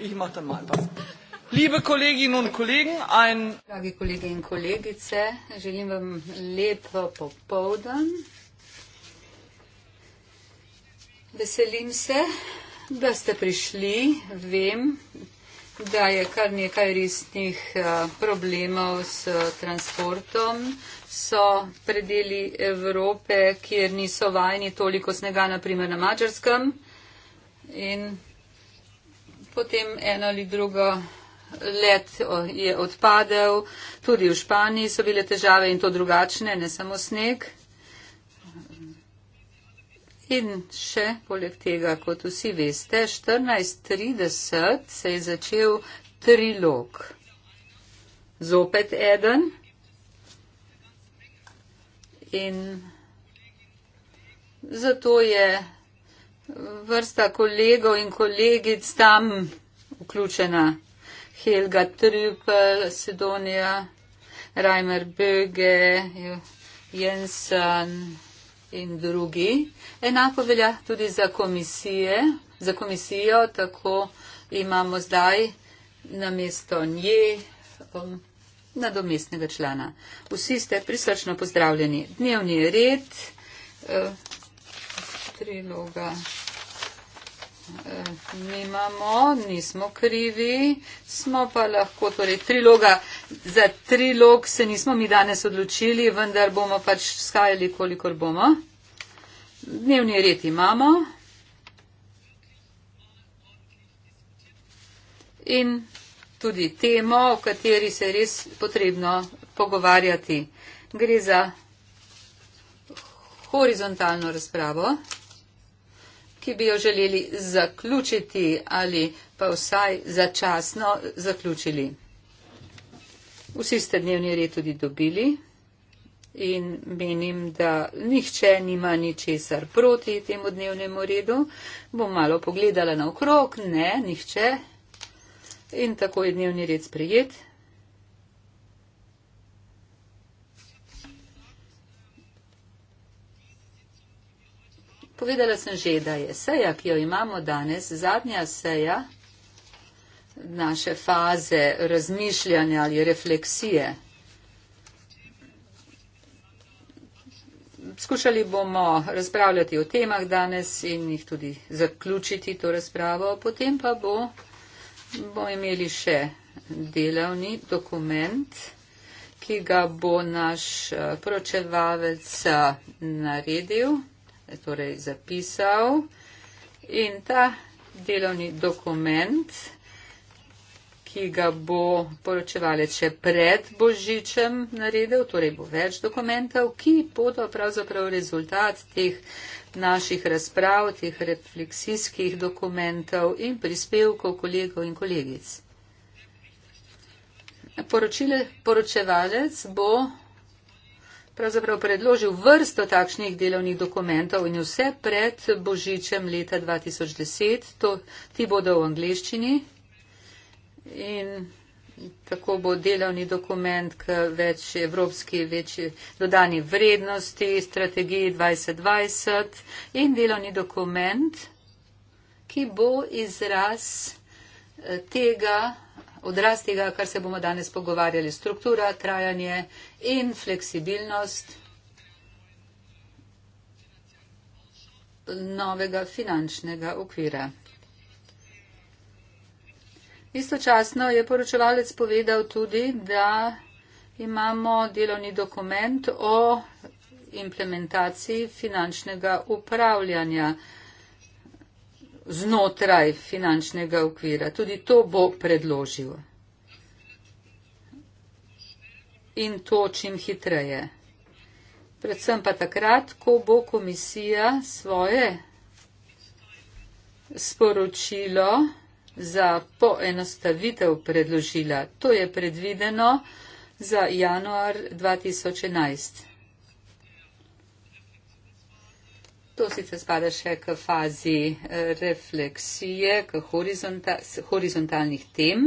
Ich mach dann mal was. Liebe Kolleginnen und Kollegen, ein. Liebe Kolleginnen und Kollegen, ich wünsche Ihnen einen schönen Popodan. Veselim se, da ste prišli. Vem, da je kar nekaj resnih eh, problemov s transportom. So predeli Evrope, kjer niso vajni toliko snega, naprimer na Mačarskem in potem eno ali drugo let je odpadel. Tudi v Španiji so bile težave in to drugačne, ne samo sneg. In še poleg tega, kot vsi veste, 14.30 se je začel trilog. Zopet eden. In zato je vrsta kolegov in kolegic tam vključena. Helga Trupel, Sedonija, Reimer Böge, Jensen in drugi. Enako velja tudi za, komisije, za komisijo, tako imamo zdaj na mesto nje um, nadomestnega člana. Vsi ste prisrčno pozdravljeni. Dnevni red. Uh, triloga. E, nimamo, nismo krivi, smo pa lahko, torej triloga, za trilog se nismo mi danes odločili, vendar bomo pač skajali, kolikor bomo. Dnevni red imamo. In tudi temo, o kateri se je res potrebno pogovarjati. Gre za horizontalno razpravo ki bi jo želeli zaključiti ali pa vsaj začasno zaključili. Vsi ste dnevni red tudi dobili in menim, da nihče nima ničesar proti temu dnevnemu redu. Bom malo pogledala na okrog, ne, nihče. In tako je dnevni red sprejet. Povedala sem že, da je seja, ki jo imamo danes, zadnja seja naše faze razmišljanja ali refleksije. Skušali bomo razpravljati o temah danes in jih tudi zaključiti to razpravo, potem pa bo, bo imeli še delavni dokument, ki ga bo naš eh, poročevalec eh, naredil torej zapisal. In ta delovni dokument, ki ga bo poročevalec še pred Božičem naredil, torej bo več dokumentov, ki bodo pravzaprav rezultat teh naših razprav, teh refleksijskih dokumentov in prispevkov kolegov in kolegic. Poročile, poročevalec bo pravzaprav predložil vrsto takšnih delovnih dokumentov in vse pred božičem leta 2010, to, ti bodo v angliščini in tako bo delovni dokument k več evropski, večji dodani vrednosti, strategiji 2020 in delovni dokument, ki bo izraz eh, tega, odraz tega, kar se bomo danes pogovarjali, struktura, trajanje in fleksibilnost novega finančnega okvira. Istočasno je poročevalec povedal tudi, da imamo delovni dokument o implementaciji finančnega upravljanja znotraj finančnega okvira. Tudi to bo predložil. In to čim hitreje. Predvsem pa takrat, ko bo komisija svoje sporočilo za poenostavitev predložila. To je predvideno za januar 2011. To sicer spada še k fazi eh, refleksije, k horizonta, horizontalnih tem,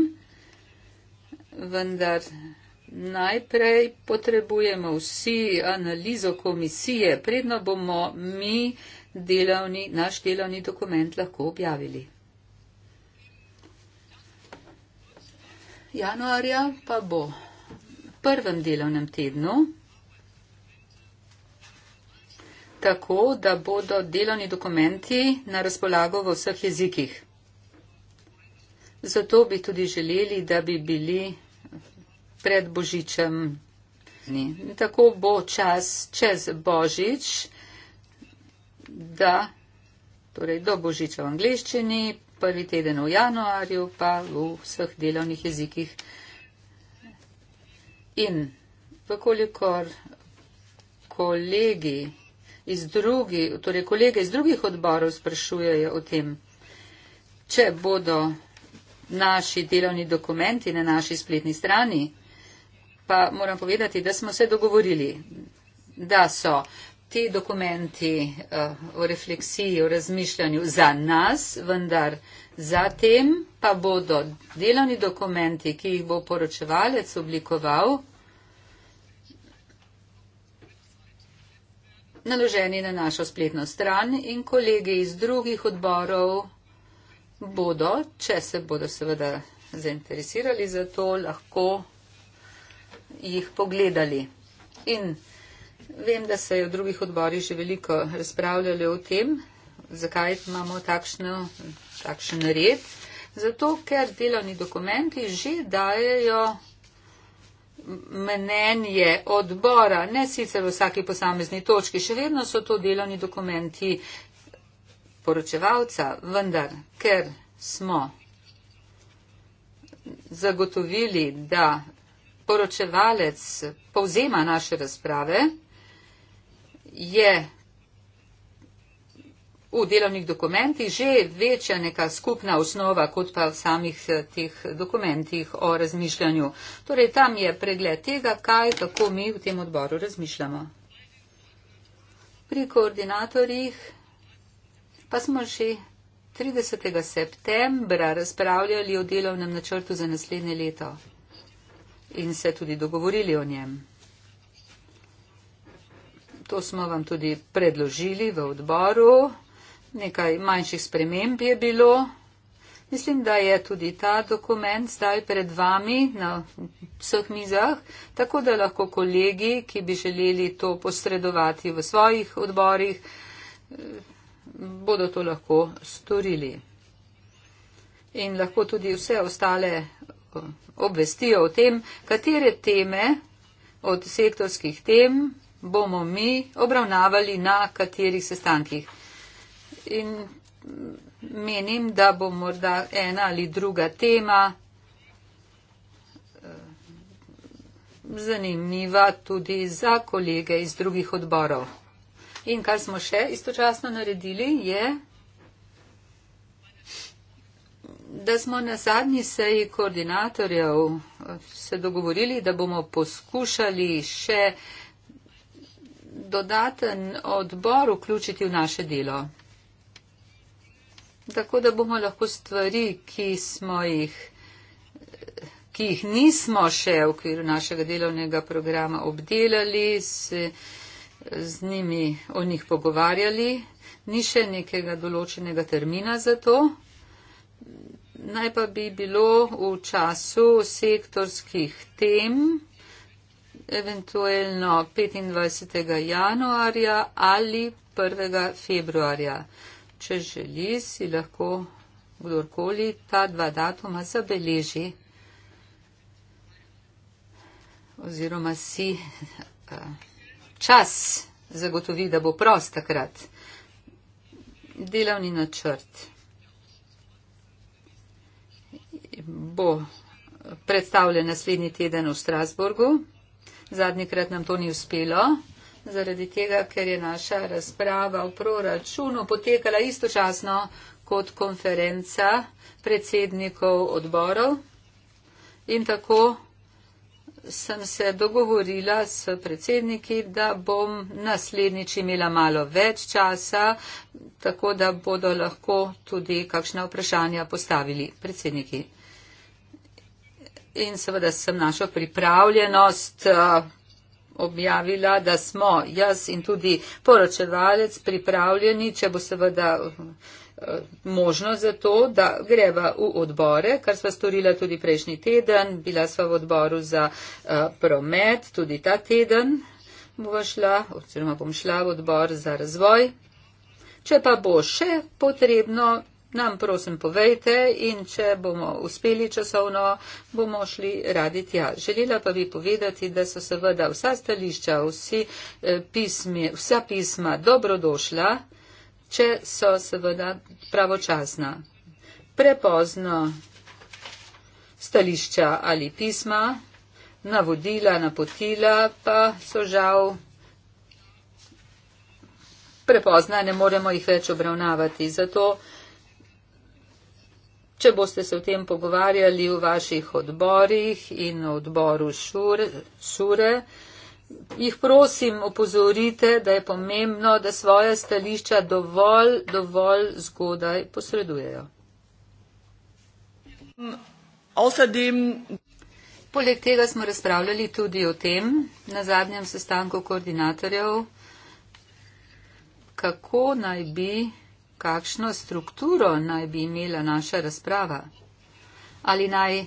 vendar najprej potrebujemo vsi analizo komisije, predno bomo mi delavni, naš delovni dokument lahko objavili. Januarja pa bo v prvem delovnem tednu tako, da bodo delovni dokumenti na razpolago v vseh jezikih. Zato bi tudi želeli, da bi bili pred Božičem. Tako bo čas čez Božič, da, torej do Božiča v angliščini, prvi teden v januarju, pa v vseh delovnih jezikih. In, pokolikor kolegi iz drugih, torej kolege iz drugih odborov sprašujejo o tem, če bodo naši delovni dokumenti na naši spletni strani, pa moram povedati, da smo se dogovorili, da so ti dokumenti uh, o refleksiji, o razmišljanju za nas, vendar zatem pa bodo delovni dokumenti, ki jih bo poročevalec oblikoval, naloženi na našo spletno stran in kolege iz drugih odborov bodo, če se bodo seveda zainteresirali za to, lahko jih pogledali. In vem, da se je v drugih odborih že veliko razpravljali o tem, zakaj imamo takšno, takšen red. Zato, ker delovni dokumenti že dajejo mnenje odbora, ne sicer v vsaki posamezni točki, še vedno so to delovni dokumenti poročevalca, vendar, ker smo zagotovili, da poročevalec povzema naše razprave, je v delovnih dokumentih že večja neka skupna osnova kot pa v samih eh, teh dokumentih o razmišljanju. Torej, tam je pregled tega, kaj, kako mi v tem odboru razmišljamo. Pri koordinatorjih pa smo že 30. septembra razpravljali o delovnem načrtu za naslednje leto in se tudi dogovorili o njem. To smo vam tudi predložili v odboru nekaj manjših sprememb je bilo. Mislim, da je tudi ta dokument zdaj pred vami na vseh mizah, tako da lahko kolegi, ki bi želeli to posredovati v svojih odborih, bodo to lahko storili. In lahko tudi vse ostale eh, obvestijo o tem, katere teme od sektorskih tem bomo mi obravnavali na katerih sestankih in menim, da bo morda ena ali druga tema eh, zanimiva tudi za kolege iz drugih odborov. In kar smo še istočasno naredili je, da smo na zadnji seji koordinatorjev eh, se dogovorili, da bomo poskušali še dodaten odbor vključiti v naše delo tako da bomo lahko stvari, ki smo jih ki jih nismo še v okviru našega delovnega programa obdelali, se z njimi o njih pogovarjali, ni še nekega določenega termina za to. Naj pa bi bilo v času sektorskih tem, eventualno 25. januarja ali 1. februarja če želi, si lahko kdorkoli ta dva datuma zabeleži oziroma si eh, čas zagotovi, da bo prost takrat. Delavni načrt bo predstavljen naslednji teden v Strasburgu. Zadnjikrat nam to ni uspelo zaradi tega, ker je naša razprava o proračunu potekala istočasno kot konferenca predsednikov odborov. In tako sem se dogovorila s predsedniki, da bom naslednjič imela malo več časa, tako da bodo lahko tudi kakšna vprašanja postavili predsedniki. In seveda sem našla pripravljenost objavila, da smo jaz in tudi poročevalec pripravljeni, če bo seveda eh, možno za to, da greva v odbore, kar sva storila tudi prejšnji teden, bila sva v odboru za eh, promet, tudi ta teden bova šla, oziroma bom šla v odbor za razvoj. Če pa bo še potrebno, Nam prosim povejte in če bomo uspeli časovno, bomo šli radi tja. Želela pa bi povedati, da so seveda vsa stališča, vsi, eh, pismi, vsa pisma dobrodošla, če so seveda pravočasna. Prepozno stališča ali pisma, navodila, napotila pa so žal. Prepozna ne moremo jih več obravnavati. Zato, Če boste se o tem pogovarjali v vaših odborih in v odboru šure, šure, jih prosim opozorite, da je pomembno, da svoje stališča dovolj, dovolj zgodaj posredujejo. Poleg tega smo razpravljali tudi o tem na zadnjem sestanku koordinatorjev, kako naj bi kakšno strukturo naj bi imela naša razprava? Ali naj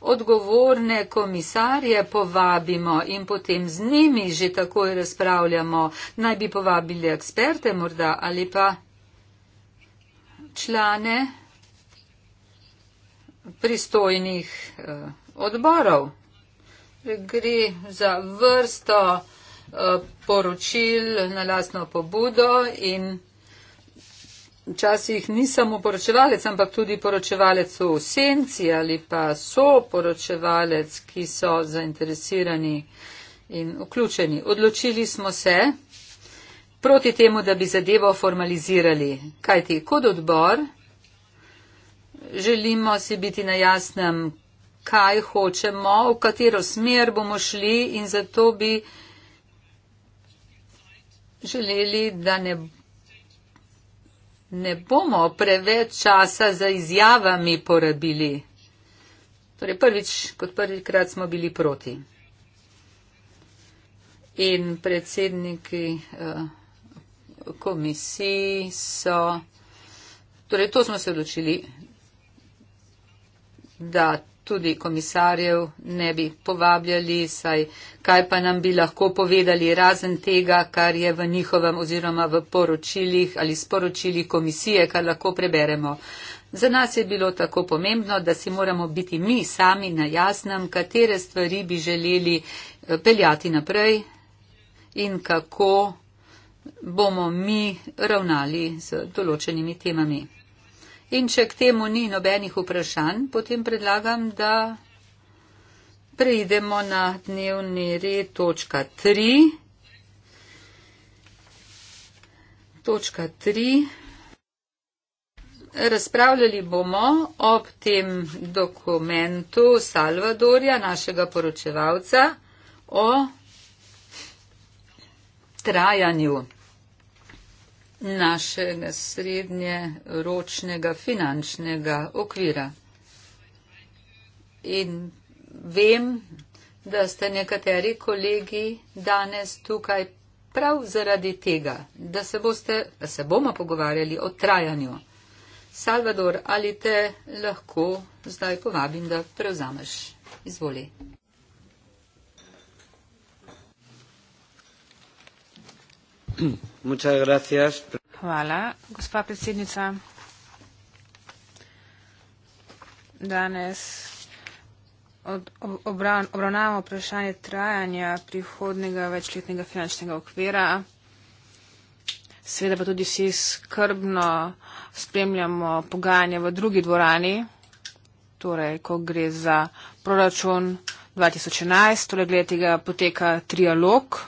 odgovorne komisarje povabimo in potem z njimi že takoj razpravljamo, naj bi povabili eksperte morda ali pa člane pristojnih eh, odborov. Gre za vrsto Eh, poročil na lastno pobudo in včasih nisem poročevalec, ampak tudi poročevalec v senci ali pa so poročevalec, ki so zainteresirani in vključeni. Odločili smo se proti temu, da bi zadevo formalizirali. Kajti kot odbor želimo si biti na jasnem, kaj hočemo, v katero smer bomo šli in zato bi želeli, da ne, ne bomo preveč časa za izjavami porabili. Torej, prvič, kot prvikrat smo bili proti. In predsedniki eh, komisij so. Torej, to smo se odločili, da tudi komisarjev ne bi povabljali, saj kaj pa nam bi lahko povedali razen tega, kar je v njihovem oziroma v poročilih ali sporočilih komisije, kar lahko preberemo. Za nas je bilo tako pomembno, da si moramo biti mi sami na jasnem, katere stvari bi želeli eh, peljati naprej in kako bomo mi ravnali z določenimi temami. In če k temu ni nobenih vprašanj, potem predlagam, da preidemo na dnevni red točka 3. Točka 3. Razpravljali bomo ob tem dokumentu Salvadorja, našega poročevalca, o trajanju našega srednje ročnega finančnega okvira. In vem, da ste nekateri kolegi danes tukaj prav zaradi tega, da se, boste, da se bomo pogovarjali o trajanju. Salvador, ali te lahko zdaj povabim, da prevzameš? Izvoli. Hvala, gospa predsednica. Danes obravnavamo vprašanje trajanja prihodnega večletnega finančnega okvira. Seveda pa tudi vsi skrbno spremljamo pogajanje v drugi dvorani, torej ko gre za proračun 2011, torej glede tega poteka trialog.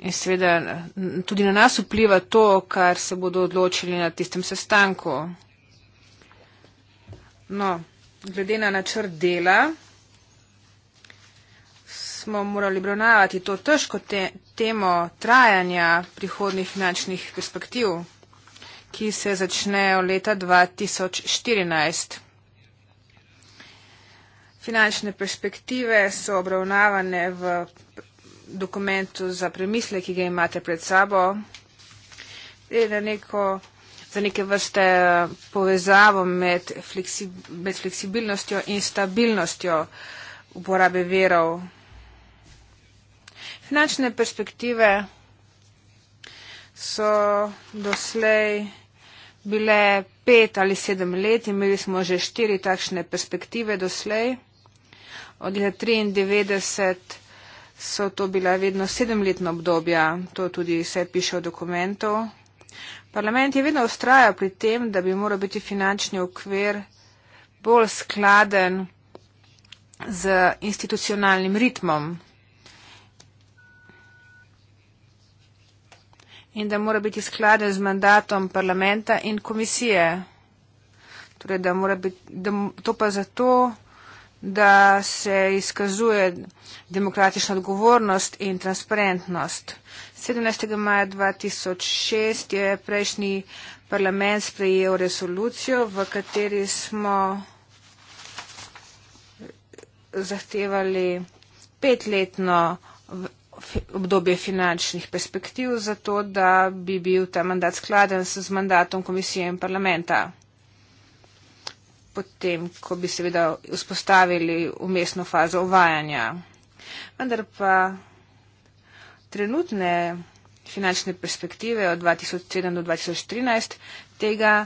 In seveda tudi na nas vpliva to, kar se bodo odločili na tistem sestanku. No, glede na načrt dela smo morali obravnavati to težko te temo trajanja prihodnih finančnih perspektiv, ki se začnejo leta 2014. Finančne perspektive so obravnavane v dokumentu za premisle, ki ga imate pred sabo, za neko za neke vrste eh, povezavo med, fleksib med fleksibilnostjo in stabilnostjo uporabe verov. Finančne perspektive so doslej bile pet ali sedem let, imeli smo že štiri takšne perspektive doslej. Od leta 1993 so to bila vedno sedemletna obdobja, to tudi vse piše v dokumentu. Parlament je vedno ustrajal pri tem, da bi moral biti finančni okvir bolj skladen z institucionalnim ritmom in da mora biti skladen z mandatom parlamenta in komisije. Torej, da mora biti, da to pa zato da se izkazuje demokratična odgovornost in transparentnost. 17. maja 2006 je prejšnji parlament sprejel resolucijo, v kateri smo zahtevali petletno obdobje finančnih perspektiv, zato da bi bil ta mandat skladen z mandatom komisije in parlamenta potem, ko bi seveda vzpostavili umestno fazo uvajanja. Vendar pa trenutne finančne perspektive od 2007 do 2013 tega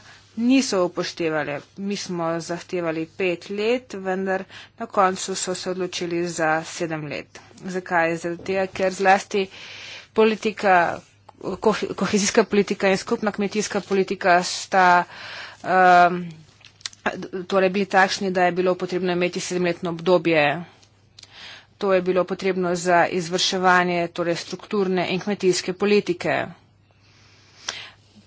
niso upoštevali. Mi smo zahtevali pet let, vendar na koncu so se odločili za sedem let. Zakaj? Zato, ker zlasti politika, kohezijska politika in skupna kmetijska politika sta. Um, torej bili takšni, da je bilo potrebno imeti sedemletno obdobje. To je bilo potrebno za izvrševanje torej strukturne in kmetijske politike.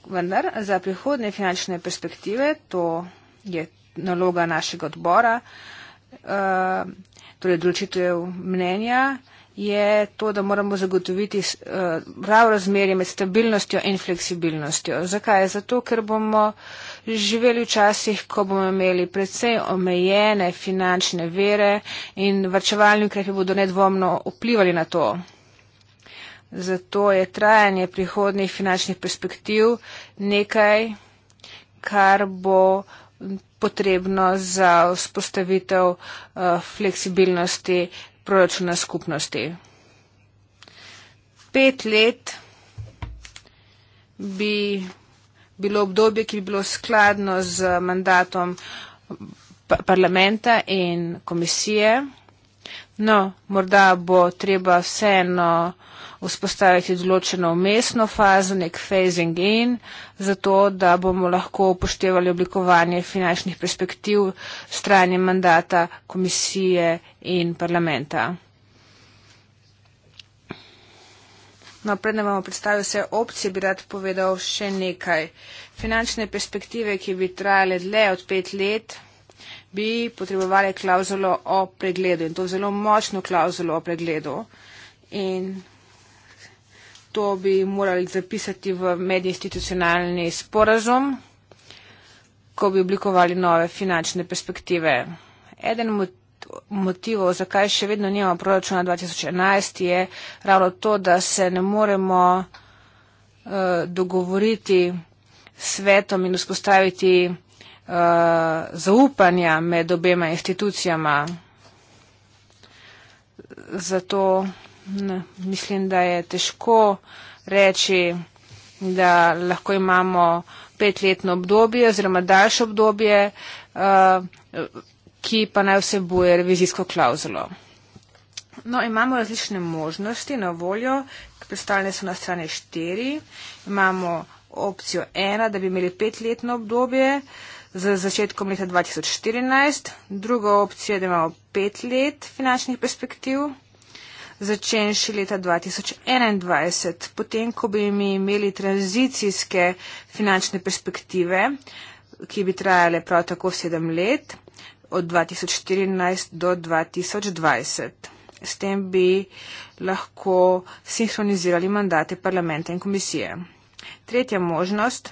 Vendar za prihodne finančne perspektive, to je naloga našega odbora, eh, torej določitev mnenja, je to, da moramo zagotoviti eh, prav razmerje med stabilnostjo in fleksibilnostjo. Zakaj? Zato, ker bomo živeli v časih, ko bomo imeli predvsej omejene finančne vere in vrčevalni ukrepi bodo nedvomno vplivali na to. Zato je trajanje prihodnih finančnih perspektiv nekaj, kar bo potrebno za vzpostavitev uh, fleksibilnosti proračuna skupnosti. Pet let bi bilo obdobje, ki bi bilo skladno z mandatom parlamenta in komisije. No, morda bo treba vseeno vzpostaviti določeno umestno fazo, nek phasing in, zato da bomo lahko upoštevali oblikovanje finančnih perspektiv strani mandata komisije in parlamenta. No, predem vam predstavim vse opcije, bi rad povedal še nekaj. Finančne perspektive, ki bi trajale dlje od pet let, bi potrebovali klauzulo o pregledu in to zelo močno klauzulo o pregledu. In to bi morali zapisati v medinstitucionalni sporazum, ko bi oblikovali nove finančne perspektive. Eden motiv motivov, zakaj še vedno nima proračuna 2011, je ravno to, da se ne moremo uh, dogovoriti s svetom in vzpostaviti uh, zaupanja med obema institucijama. Zato ne, mislim, da je težko reči, da lahko imamo petletno obdobje oziroma daljše obdobje. Uh, ki pa naj vsebuje revizijsko klauzulo. No, imamo različne možnosti na voljo, predstavljene so na strani 4. Imamo opcijo 1, da bi imeli petletno obdobje z začetkom leta 2014. Druga opcija je, da imamo pet let finančnih perspektiv, začenši leta 2021. Potem, ko bi mi imeli tranzicijske finančne perspektive, ki bi trajale prav tako sedem let, od 2014 do 2020. S tem bi lahko sinhronizirali mandate parlamenta in komisije. Tretja možnost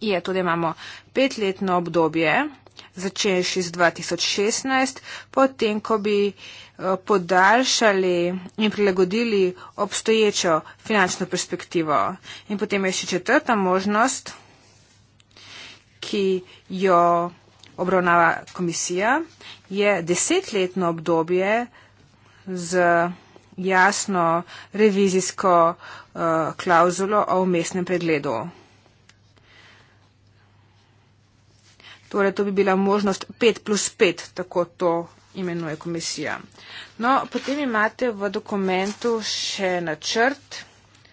je to, da imamo petletno obdobje, začenši z 2016, potem, ko bi eh, podaljšali in prilagodili obstoječo finančno perspektivo. In potem je še četrta možnost, ki jo obravnava komisija, je desetletno obdobje z jasno revizijsko uh, klauzulo o umestnem pregledu. Torej, to bi bila možnost 5 plus 5, tako to imenuje komisija. No, potem imate v dokumentu še načrt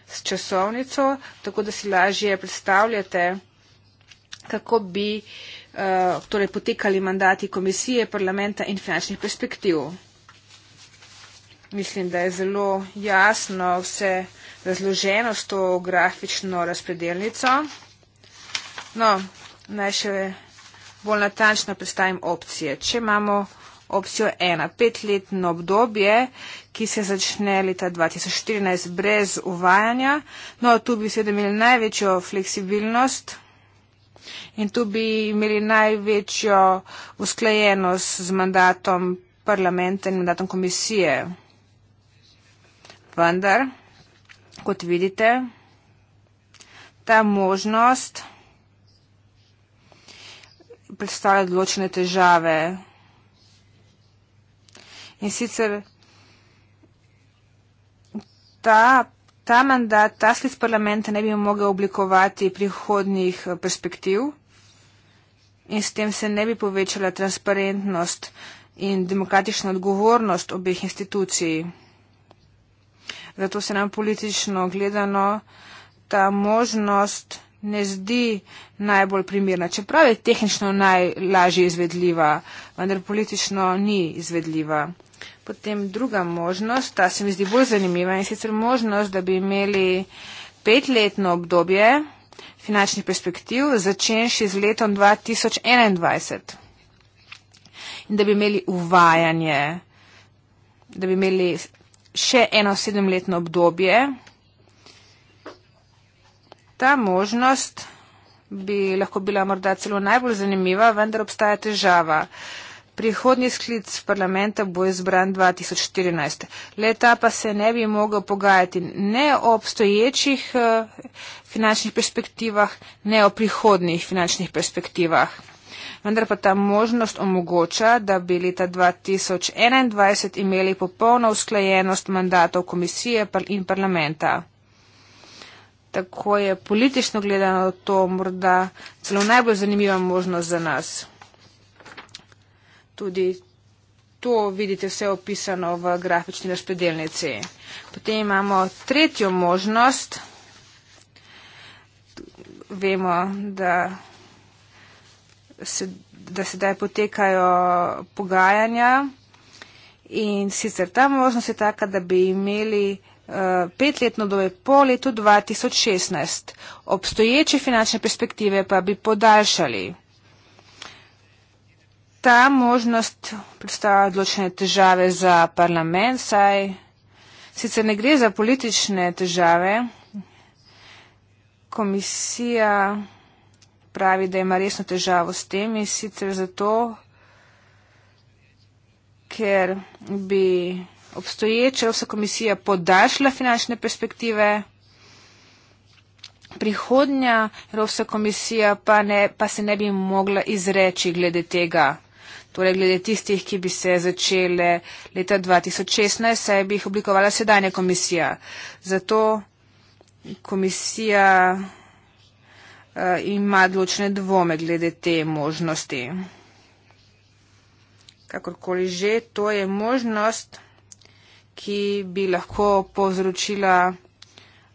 s časovnico, tako da si lažje predstavljate, kako bi uh, uh, torej potekali mandati komisije, parlamenta in finančnih perspektiv. Mislim, da je zelo jasno vse razloženo s to grafično razpredelnico. No, naj še bolj natančno predstavim opcije. Če imamo opcijo 1, petletno obdobje, ki se začne leta 2014 brez uvajanja, no, tu bi seveda imeli največjo fleksibilnost In tu bi imeli največjo usklajenost z mandatom parlamenta in mandatom komisije. Vendar, kot vidite, ta možnost predstavlja določene težave. In sicer ta ta mandat, ta sklic parlamenta ne bi mogel oblikovati prihodnih eh, perspektiv in s tem se ne bi povečala transparentnost in demokratična odgovornost obeh institucij. Zato se nam politično gledano ta možnost ne zdi najbolj primirna. Čeprav je tehnično najlažje izvedljiva, vendar politično ni izvedljiva. Potem druga možnost, ta se mi zdi bolj zanimiva in sicer možnost, da bi imeli petletno obdobje finančnih perspektiv, začenši z letom 2021. In da bi imeli uvajanje, da bi imeli še eno sedemletno obdobje. Ta možnost bi lahko bila morda celo najbolj zanimiva, vendar obstaja težava. Uh, Prihodnji sklic parlamenta bo izbran 2014. Leta pa se ne bi mogel pogajati ne o obstoječih eh, finančnih perspektivah, ne o prihodnih finančnih perspektivah. Vendar pa ta možnost omogoča, da bi leta 2021 imeli popolno usklajenost mandatov komisije in parlamenta. Tako je politično gledano to morda celo najbolj zanimiva možnost za nas tudi to vidite vse opisano v grafični razpredelnici. Potem imamo tretjo možnost. Vemo, da se, da sedaj potekajo pogajanja in sicer ta možnost je taka, da bi imeli eh, petletno dobe po letu 2016. Obstoječe finančne perspektive pa bi podaljšali ta možnost predstavlja odločene težave za parlament, saj sicer ne gre za politične težave. Komisija pravi, da ima resno težavo s tem in sicer zato, ker bi obstoječa vsa komisija podaljšala finančne perspektive. Prihodnja Evropska komisija pa, ne, pa se ne bi mogla izreči glede tega, torej glede tistih, ki bi se začele leta 2016, saj bi jih oblikovala sedajna komisija. Zato komisija uh, ima odločne dvome glede te možnosti. Kakorkoli že, to je možnost, ki bi lahko povzročila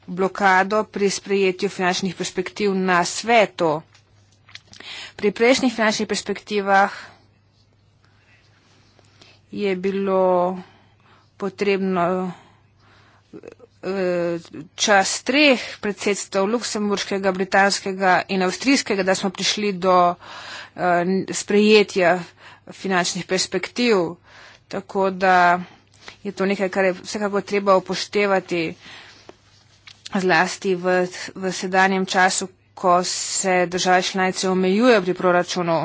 blokado pri sprejetju finančnih perspektiv na svetu. Pri prejšnjih finančnih perspektivah je bilo potrebno eh, čas treh predsedstv Luksemburškega, Britanskega in Avstrijskega, da smo prišli do eh, sprejetja finančnih perspektiv. Tako da je to nekaj, kar je vsekako treba upoštevati zlasti v, v sedanjem času, ko se države članice omejujejo pri proračunu.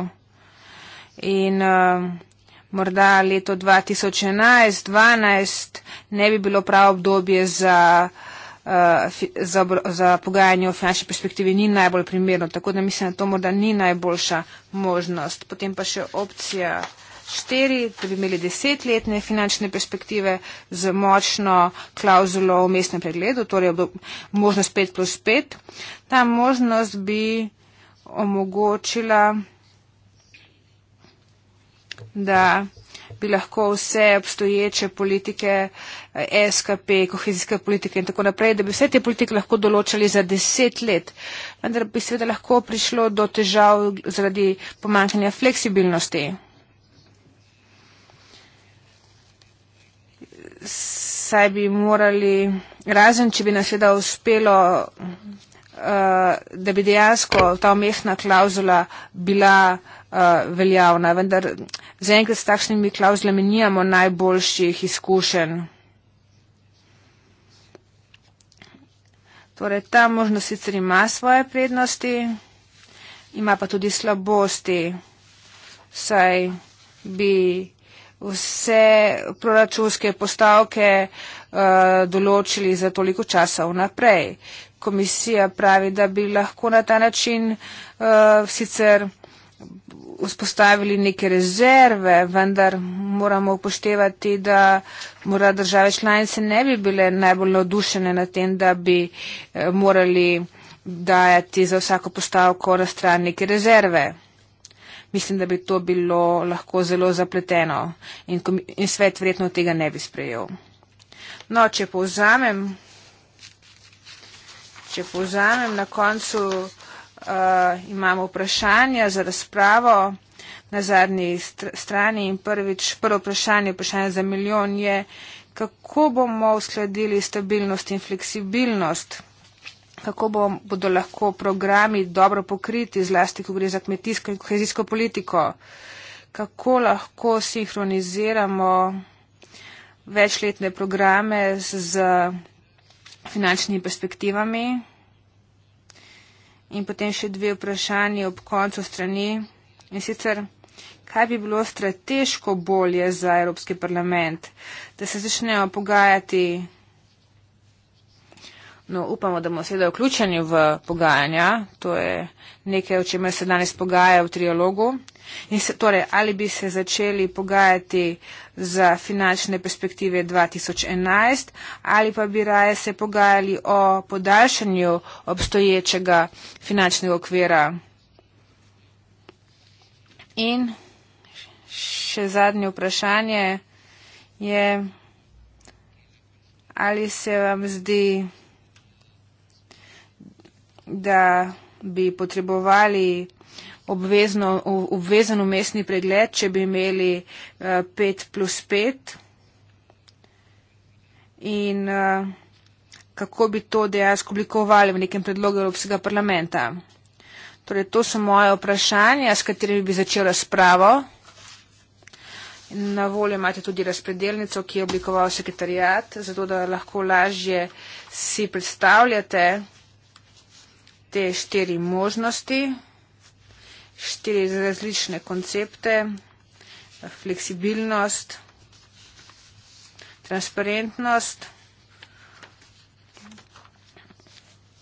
In uh, morda leto 2011, 2012 ne bi bilo pravo obdobje za, eh, za, za pogajanje o finančni perspektivi, ni najbolj primerno. Tako da mislim, da to morda ni najboljša možnost. Potem pa še opcija. Štiri, da bi imeli desetletne finančne perspektive z močno klauzulo v mestnem pregledu, torej možnost 5 plus 5. Ta možnost bi omogočila da bi lahko vse obstoječe politike, eh, SKP, kohezijske politike in tako naprej, da bi vse te politike lahko določali za deset let. Vendar bi seveda lahko prišlo do težav zaradi pomankanja fleksibilnosti. Saj bi morali, razen če bi nas seveda uspelo, eh, da bi dejansko ta omehna klauzula bila uh, veljavna, vendar zaenkrat s takšnimi klauzulami nimamo najboljših izkušenj. Torej, ta možnost sicer ima svoje prednosti, ima pa tudi slabosti, saj bi vse proračunske postavke uh, določili za toliko časa vnaprej. Komisija pravi, da bi lahko na ta način uh, sicer vzpostavili neke rezerve, vendar moramo upoštevati, da mora države članice ne bi bile najbolj navdušene na tem, da bi eh, morali dajati za vsako postavko na stran neke rezerve. Mislim, da bi to bilo lahko zelo zapleteno in, in svet vredno tega ne bi sprejel. No, če povzamem, če povzamem na koncu uh, imamo vprašanja za razpravo na zadnji str strani in prvič, prvo vprašanje, vprašanje za milijon je, kako bomo uskladili stabilnost in fleksibilnost, kako bom, bodo lahko programi dobro pokriti, zlasti, ko gre za kmetijsko in kohezijsko politiko, kako lahko sinhroniziramo večletne programe z finančnimi perspektivami. In potem še dve vprašanje ob koncu strani. In sicer, kaj bi bilo strateško bolje za Evropski parlament, da se začnejo pogajati No, upamo, da bomo seveda vključeni v pogajanja. To je nekaj, o čemer se danes pogaja v trialogu. In se, torej, ali bi se začeli pogajati za finančne perspektive 2011 ali pa bi raje se pogajali o podaljšanju obstoječega finančnega okvira. In še zadnje vprašanje je, ali se vam zdi da bi potrebovali obvezno, obvezen umestni pregled, če bi imeli 5 eh, plus 5 in eh, kako bi to dejansko oblikovali v nekem predlogu Evropskega parlamenta. Torej, to so moje vprašanja, s katerimi bi začel razpravo. Na voljo imate tudi razpredelnico, ki je oblikoval sekretarijat, zato da lahko lažje si predstavljate te štiri možnosti, štiri različne koncepte, fleksibilnost, transparentnost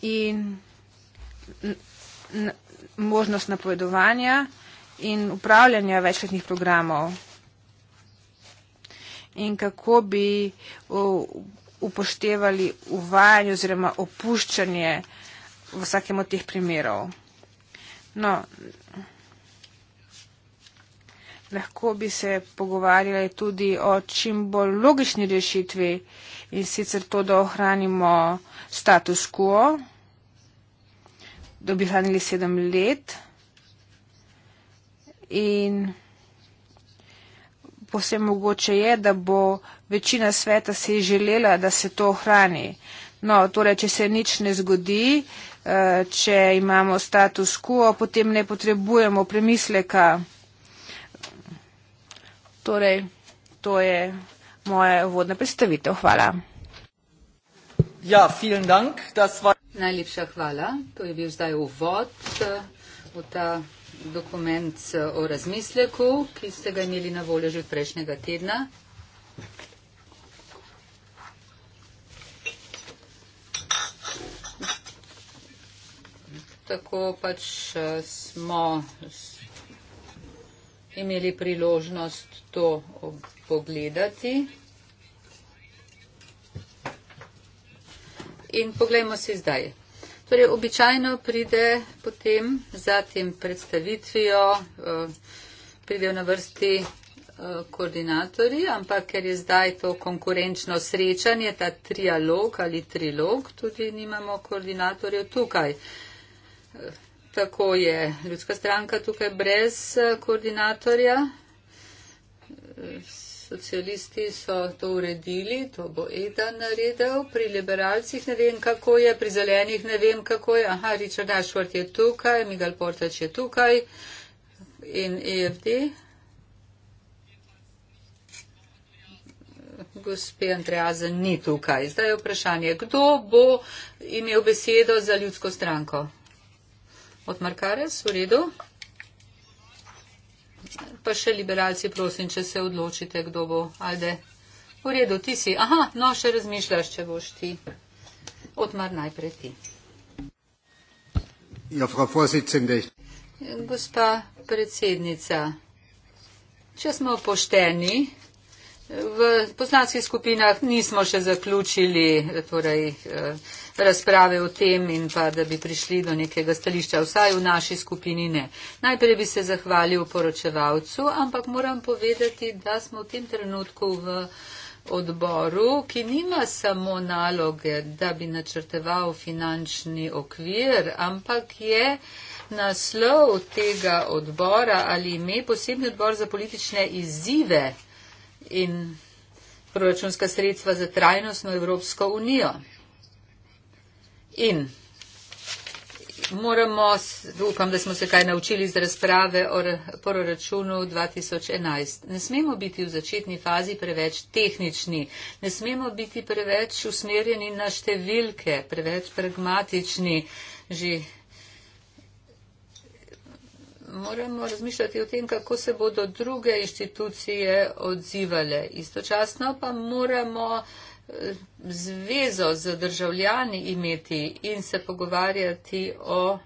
in možnost napovedovanja in upravljanja večletnih programov. In kako bi upoštevali uvajanje oziroma opuščanje uh, v vsakem od teh primerov. No, lahko bi se pogovarjali tudi o čim bolj logični rešitvi in sicer to, da ohranimo status quo, da bi hranili sedem let in posebno mogoče je, da bo večina sveta si želela, da se to ohrani. No, torej, če se nič ne zgodi, eh, če imamo status quo, potem ne potrebujemo premisleka. Torej, to je moja vodna predstavitev. Hvala. Ja, dank, va... Najlepša hvala. To je bil zdaj uvod eh, v ta dokument eh, o razmisleku, ki ste ga imeli na voljo že prejšnjega tedna. tako pač eh, smo imeli priložnost to pogledati. In poglejmo si zdaj. Torej, običajno pride potem za tem predstavitvijo, eh, pridejo na vrsti eh, koordinatorji, ampak ker je zdaj to konkurenčno srečanje, ta trialog ali trilog, tudi nimamo koordinatorjev tukaj tako je ljudska stranka tukaj brez eh, koordinatorja. Socialisti so to uredili, to bo Eda naredil, pri liberalcih ne vem, kako je, pri zelenih ne vem, kako je. Aha, Richard Ashworth je tukaj, Miguel Portač je tukaj in EFD. Gospe Andreazen ni tukaj. Zdaj je vprašanje, kdo bo imel besedo za ljudsko stranko? Od Markares, v redu. Pa še liberalci, prosim, če se odločite, kdo bo. Ajde, v redu, ti si. Aha, no, še razmišljaš, če boš ti. Odmar najprej ti. Ja, frau Vorsitzende. Gospa predsednica, če smo pošteni, v poslanskih skupinah nismo še zaključili, torej. Eh, razprave o tem in pa da bi prišli do nekega stališča, vsaj v naši skupini ne. Najprej bi se zahvalil poročevalcu, ampak moram povedati, da smo v tem trenutku v odboru, ki nima samo naloge, da bi načrteval finančni okvir, ampak je naslov tega odbora ali ime posebni odbor za politične izzive in proračunska sredstva za trajnostno Evropsko unijo. In moramo, upam, da smo se kaj naučili iz razprave o proračunu 2011. Ne smemo biti v začetni fazi preveč tehnični, ne smemo biti preveč usmerjeni na številke, preveč pragmatični. Že moramo razmišljati o tem, kako se bodo druge inštitucije odzivale. Istočasno pa moramo zvezo z državljani imeti in se pogovarjati o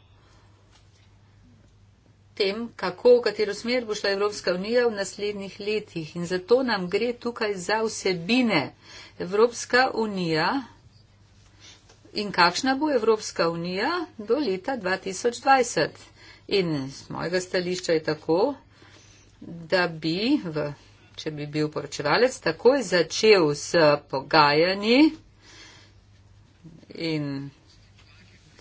tem, kako, v katero smer bo šla Evropska unija v naslednjih letih. In zato nam gre tukaj za vsebine. Evropska unija in kakšna bo Evropska unija do leta 2020. In z mojega stališča je tako, da bi v če bi bil poročevalec, takoj začel s pogajanji in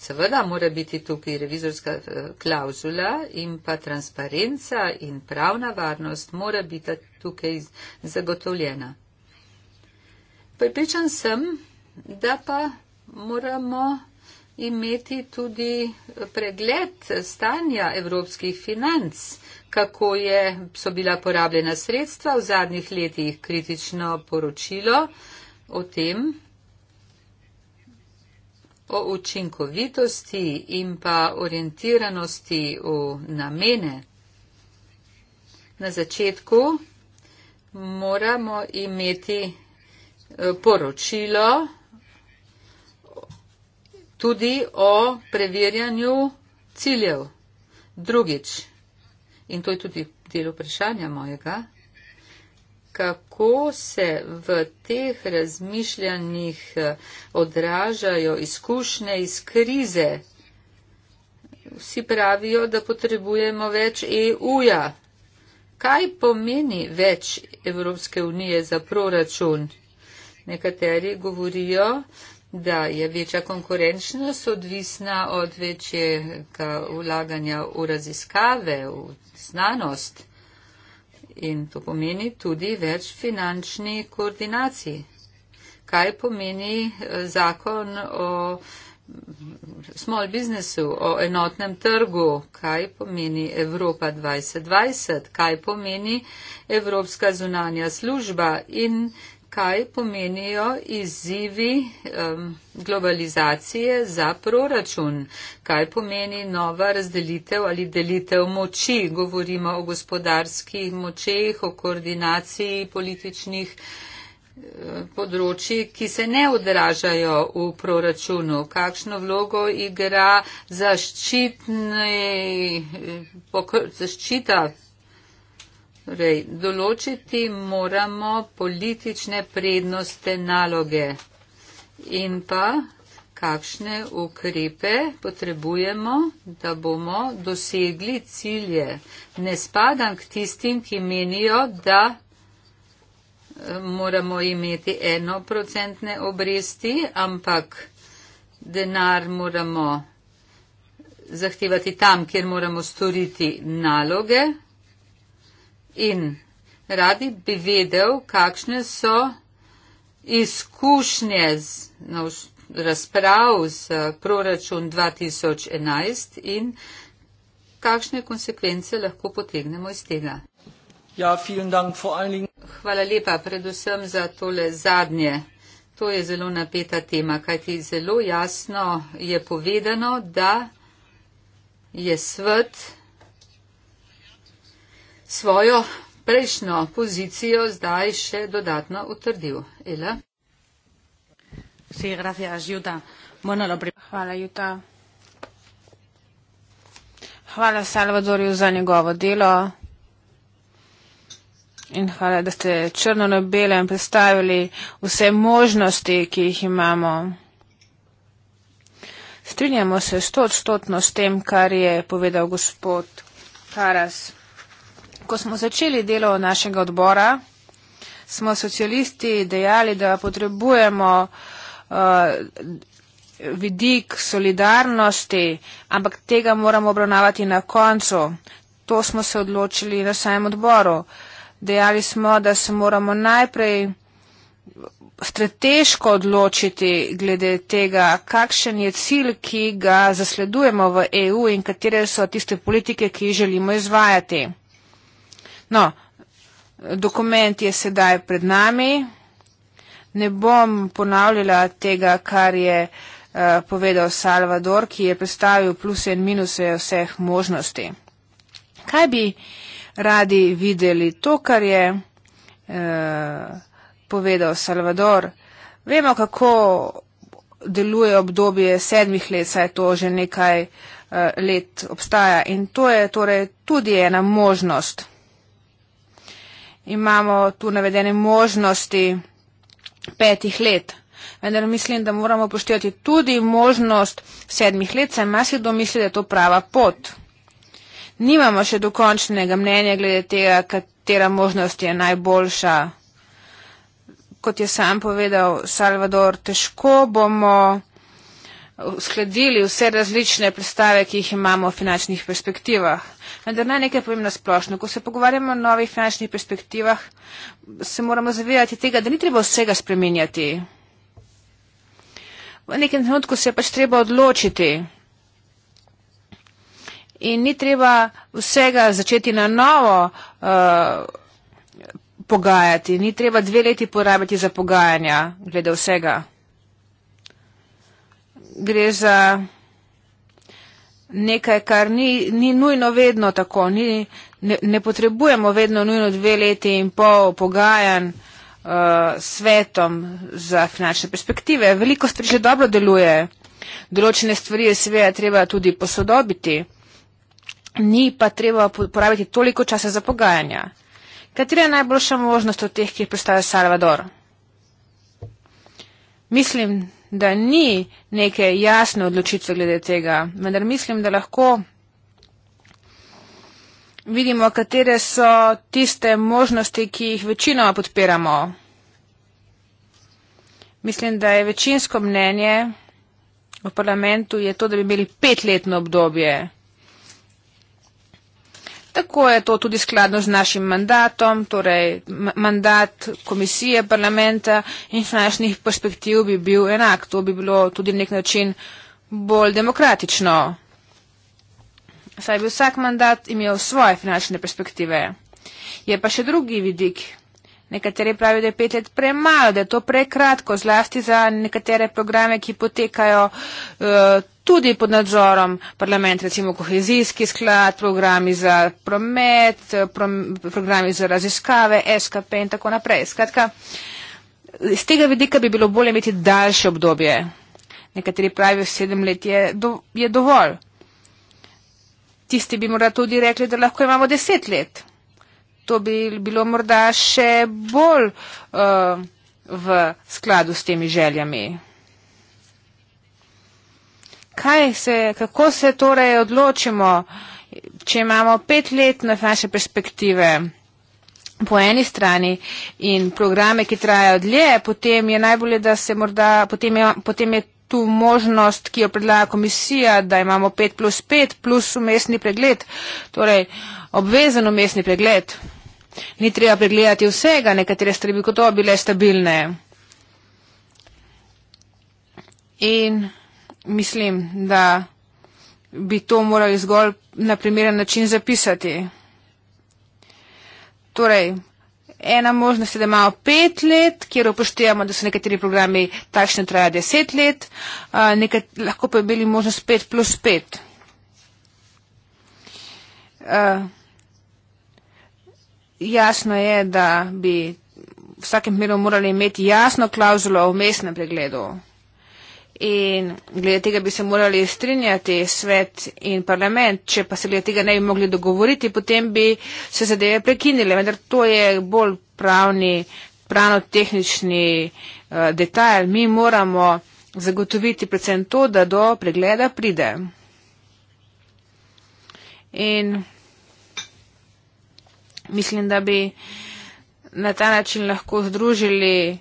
seveda mora biti tukaj revizorska eh, klauzula in pa transparenca in pravna varnost mora biti tukaj zagotovljena. Pripričan sem, da pa moramo imeti tudi pregled stanja evropskih financ kako je, so bila porabljena sredstva v zadnjih letih, kritično poročilo o tem, o učinkovitosti in pa orientiranosti v namene. Na začetku moramo imeti eh, poročilo tudi o preverjanju ciljev. Drugič, in to je tudi del vprašanja mojega, kako se v teh razmišljanjih eh, odražajo izkušnje iz krize. Vsi pravijo, da potrebujemo več EU-ja. Kaj pomeni več Evropske unije za proračun? Nekateri govorijo, da je večja konkurenčnost odvisna od večjega ulaganja v raziskave, v znanost in to pomeni tudi več finančni koordinaciji. Kaj pomeni eh, zakon o small businessu, o enotnem trgu, kaj pomeni Evropa 2020, kaj pomeni Evropska zunanja služba in kaj pomenijo izzivi um, globalizacije za proračun, kaj pomeni nova razdelitev ali delitev moči. Govorimo o gospodarskih močeh, o koordinaciji političnih eh, področji, ki se ne odražajo v proračunu, kakšno vlogo igra zaščitna eh, Torej, določiti moramo politične prednostne naloge in pa kakšne ukrepe potrebujemo, da bomo dosegli cilje. Ne spadam k tistim, ki menijo, da eh, moramo imeti enoprocentne obresti, ampak denar moramo zahtevati tam, kjer moramo storiti naloge in radi bi vedel, kakšne so izkušnje z no, razprav z eh, proračun 2011 in kakšne konsekvence lahko potegnemo iz tega. Ja, dank, Hvala lepa predvsem za tole zadnje. To je zelo napeta tema, kajti zelo jasno je povedano, da je svet svojo prejšnjo pozicijo zdaj še dodatno utrdil. Ela? Sí, gracias, Juta. Bueno, lo pri... Hvala, Juta. Hvala Salvadorju za njegovo delo in hvala, da ste črno na belem predstavili vse možnosti, ki jih imamo. Strinjamo se stotno s tem, kar je povedal gospod Karas ko smo začeli delo našega odbora, smo socialisti dejali, da potrebujemo uh, vidik solidarnosti, ampak tega moramo obravnavati na koncu. To smo se odločili na samem odboru. Dejali smo, da se moramo najprej strateško odločiti glede tega, kakšen je cilj, ki ga zasledujemo v EU in katere so tiste politike, ki jih želimo izvajati. No, dokument je sedaj pred nami. Ne bom ponavljala tega, kar je uh, povedal Salvador, ki je predstavil pluse in minuse vseh možnosti. Kaj bi radi videli? To, kar je uh, povedal Salvador. Vemo, kako deluje obdobje sedmih let, saj to že nekaj uh, let obstaja. In to je torej tudi ena možnost imamo tu navedene možnosti petih let. Vendar mislim, da moramo poštevati tudi možnost sedmih let, saj ima si kdo misli, da je to prava pot. Nimamo še dokončnega mnenja glede tega, katera možnost je najboljša. Kot je sam povedal Salvador, težko bomo uskladili vse različne predstave, ki jih imamo v finančnih perspektivah. Vendar naj ne nekaj povem na splošno. Ko se pogovarjamo o novih finančnih perspektivah, se moramo zavedati tega, da ni treba vsega spremenjati. V nekem trenutku se je pač treba odločiti. In ni treba vsega začeti na novo uh, pogajati. Ni treba dve leti porabiti za pogajanja glede vsega. Gre za nekaj, kar ni, ni nujno vedno tako. Ni, ne, ne potrebujemo vedno nujno dve leti in pol pogajanj uh, svetom za finančne perspektive. Veliko stvari že dobro deluje. Določene stvari je seveda treba tudi posodobiti. Ni pa treba porabiti toliko časa za pogajanja. Katera je najboljša možnost od teh, ki jih predstavlja Salvador? Mislim, da ni neke jasne odločitve glede tega, vendar mislim, da lahko vidimo, katere so tiste možnosti, ki jih večinoma podpiramo. Mislim, da je večinsko mnenje v parlamentu je to, da bi imeli petletno obdobje. Tako je to tudi skladno z našim mandatom, torej mandat komisije parlamenta in finančnih perspektiv bi bil enak. To bi bilo tudi nek način bolj demokratično. Saj bi vsak mandat imel svoje finančne perspektive. Je pa še drugi vidik, Nekateri pravijo, da je pet let premalo, da je to prekratko, zlasti za nekatere programe, ki potekajo uh, tudi pod nadzorom parlament, recimo kohezijski sklad, programi za promet, eh, pro, programi za raziskave, SKP in tako naprej. Skratka, z tega vidika bi bilo bolje imeti daljše obdobje. Nekateri pravijo, sedem let je, do, je dovolj. Tisti bi morda tudi rekli, da lahko imamo deset let to bi bilo morda še bolj uh, v skladu s temi željami. Kaj se, kako se torej odločimo, če imamo pet let na naše perspektive? Po eni strani in programe, ki trajajo dlje, potem je najbolje, da se morda, potem je, potem je tu možnost, ki jo predlaga komisija, da imamo 5 plus 5 plus umestni pregled, torej obvezen umestni pregled. Ni treba pregledati vsega, nekatere stvari kot to bile stabilne. In mislim, da bi to morali zgolj na primeren način zapisati. Torej, ena možnost je, da imamo pet let, kjer upoštevamo, da so nekateri programi takšne traja deset let, nekaj, lahko pa je bili možnost pet plus pet. Jasno je, da bi v vsakem primeru morali imeti jasno klauzulo o mestnem pregledu. In glede tega bi se morali strinjati svet in parlament, če pa se glede tega ne bi mogli dogovoriti, potem bi se zadeve prekinile. Vendar to je bolj pravni, pravno-tehnični uh, eh, detalj. Mi moramo zagotoviti predvsem to, da do pregleda pride. In mislim, da bi na ta način lahko združili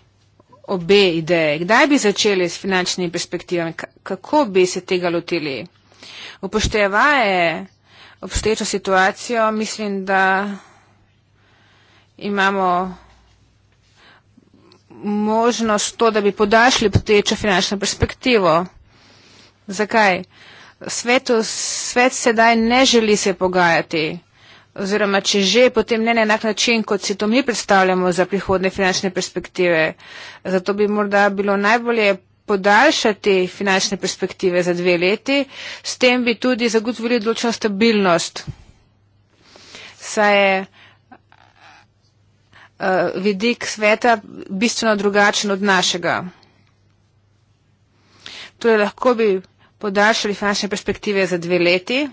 obe ideje. Kdaj bi začeli s finančnimi perspektivami? Kako bi se tega lotili? Upoštevaje obstoječo situacijo, mislim, da imamo možnost to, da bi podašli obstoječo finančno perspektivo. Zakaj? Svetu, svet sedaj ne želi se pogajati oziroma če že, potem ne na enak način, kot si to mi predstavljamo za prihodne finančne perspektive. Zato bi morda bilo najbolje podaljšati finančne perspektive za dve leti, s tem bi tudi zagotovili odločno stabilnost. Saj je uh, vidik sveta bistveno drugačen od našega. Torej lahko bi podaljšali finančne perspektive za dve leti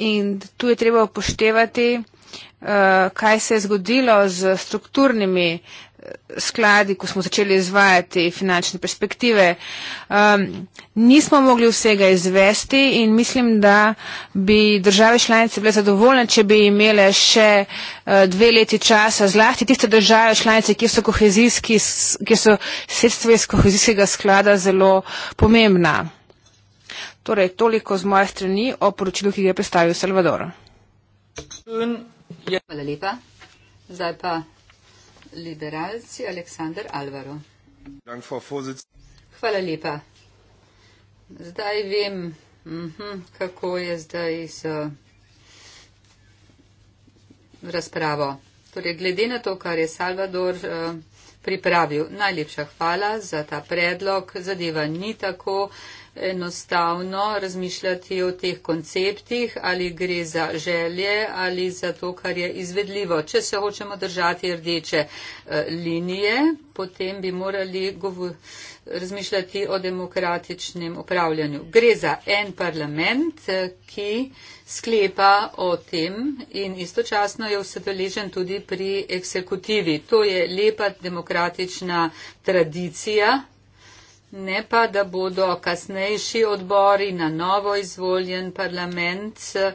in tu je treba upoštevati, eh, kaj se je zgodilo z strukturnimi eh, skladi, ko smo začeli izvajati finančne perspektive. Um, nismo mogli vsega izvesti in mislim, da bi države članice bile zadovoljne, če bi imele še uh, dve leti časa, zlasti tiste države članice, ki so, ki so sredstva iz kohezijskega sklada zelo pomembna. Torej, toliko z moje strani o poročilu, ki ga je predstavil Salvador. Hvala lepa. Zdaj pa liberalci Aleksandar Alvaro. Hvala lepa. Zdaj vem, mhm, kako je zdaj s razpravo. Torej, glede na to, kar je Salvador. Uh, pripravil. Najlepša hvala za ta predlog. Zadeva ni tako enostavno razmišljati o teh konceptih, ali gre za želje ali za to, kar je izvedljivo. Če se hočemo držati rdeče eh, linije, potem bi morali govoriti razmišljati o demokratičnem upravljanju. Gre za en parlament, ki sklepa o tem in istočasno je vsedoležen tudi pri eksekutivi. To je lepa demokratična tradicija, ne pa, da bodo kasnejši odbori na novo izvoljen parlament eh,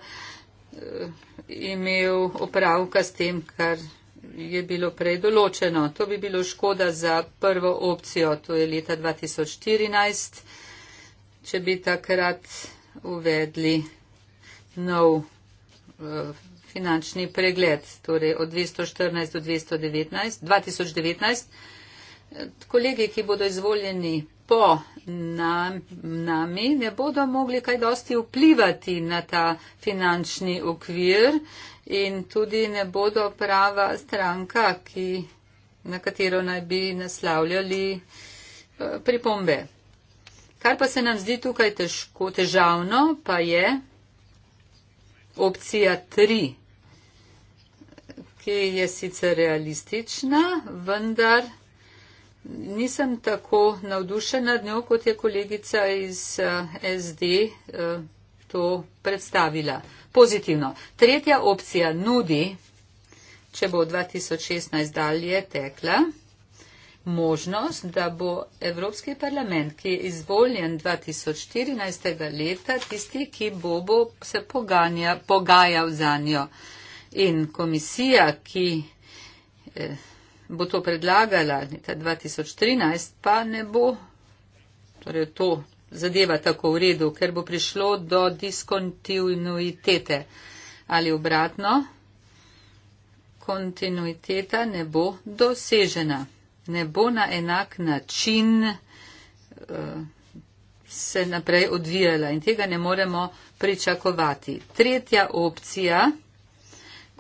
imel opravka s tem, kar je bilo predoločeno. To bi bilo škoda za prvo opcijo, to je leta 2014, če bi takrat uvedli nov eh, finančni pregled, torej od 214 do 219, 2019 kolegi, ki bodo izvoljeni po nam, nami, ne bodo mogli kaj dosti vplivati na ta finančni okvir in tudi ne bodo prava stranka, ki, na katero naj bi naslavljali eh, pripombe. Kar pa se nam zdi tukaj težko, težavno, pa je opcija 3, ki je sicer realistična, vendar nisem tako navdušena njo, kot je kolegica iz eh, SD eh, to predstavila. Pozitivno. Tretja opcija nudi, če bo 2016 dalje tekla, možnost, da bo Evropski parlament, ki je izvoljen 2014. leta, tisti, ki bo, bo se poganja, pogajal za njo. In komisija, ki. Eh, bo to predlagala leta 2013, pa ne bo torej to zadeva tako v redu, ker bo prišlo do diskontinuitete ali obratno, kontinuiteta ne bo dosežena, ne bo na enak način uh, se naprej odvijala in tega ne moremo pričakovati. Tretja opcija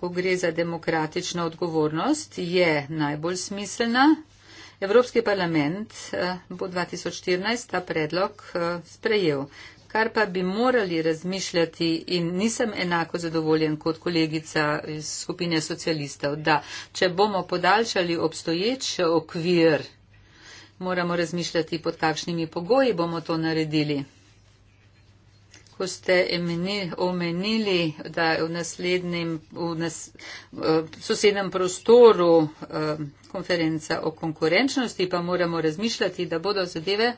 ko gre za demokratično odgovornost, je najbolj smiselna. Evropski parlament eh, bo 2014 ta predlog eh, sprejel. Kar pa bi morali razmišljati in nisem enako zadovoljen kot kolegica iz skupine socialistov, da če bomo podaljšali obstoječ okvir, moramo razmišljati, pod kakšnimi pogoji bomo to naredili. Ko ste omenili, da je v, naslednjem, v, nas, v sosednem prostoru eh, konferenca o konkurenčnosti, pa moramo razmišljati, da bodo zadeve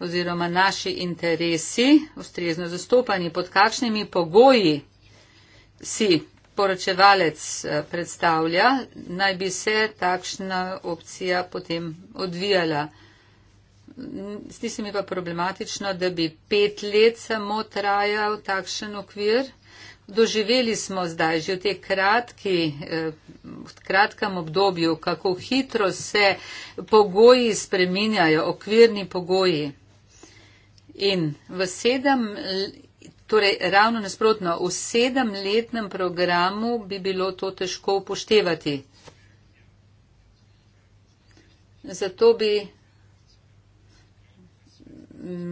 oziroma naši interesi ustrezno zastopani, pod kakšnimi pogoji si poročevalec eh, predstavlja, naj bi se takšna opcija potem odvijala zdi se mi pa problematično, da bi pet let samo trajal takšen okvir. Doživeli smo zdaj že v tem eh, kratkem obdobju, kako hitro se pogoji spreminjajo, okvirni pogoji. In v sedem, torej ravno nasprotno, v sedemletnem programu bi bilo to težko upoštevati. Zato bi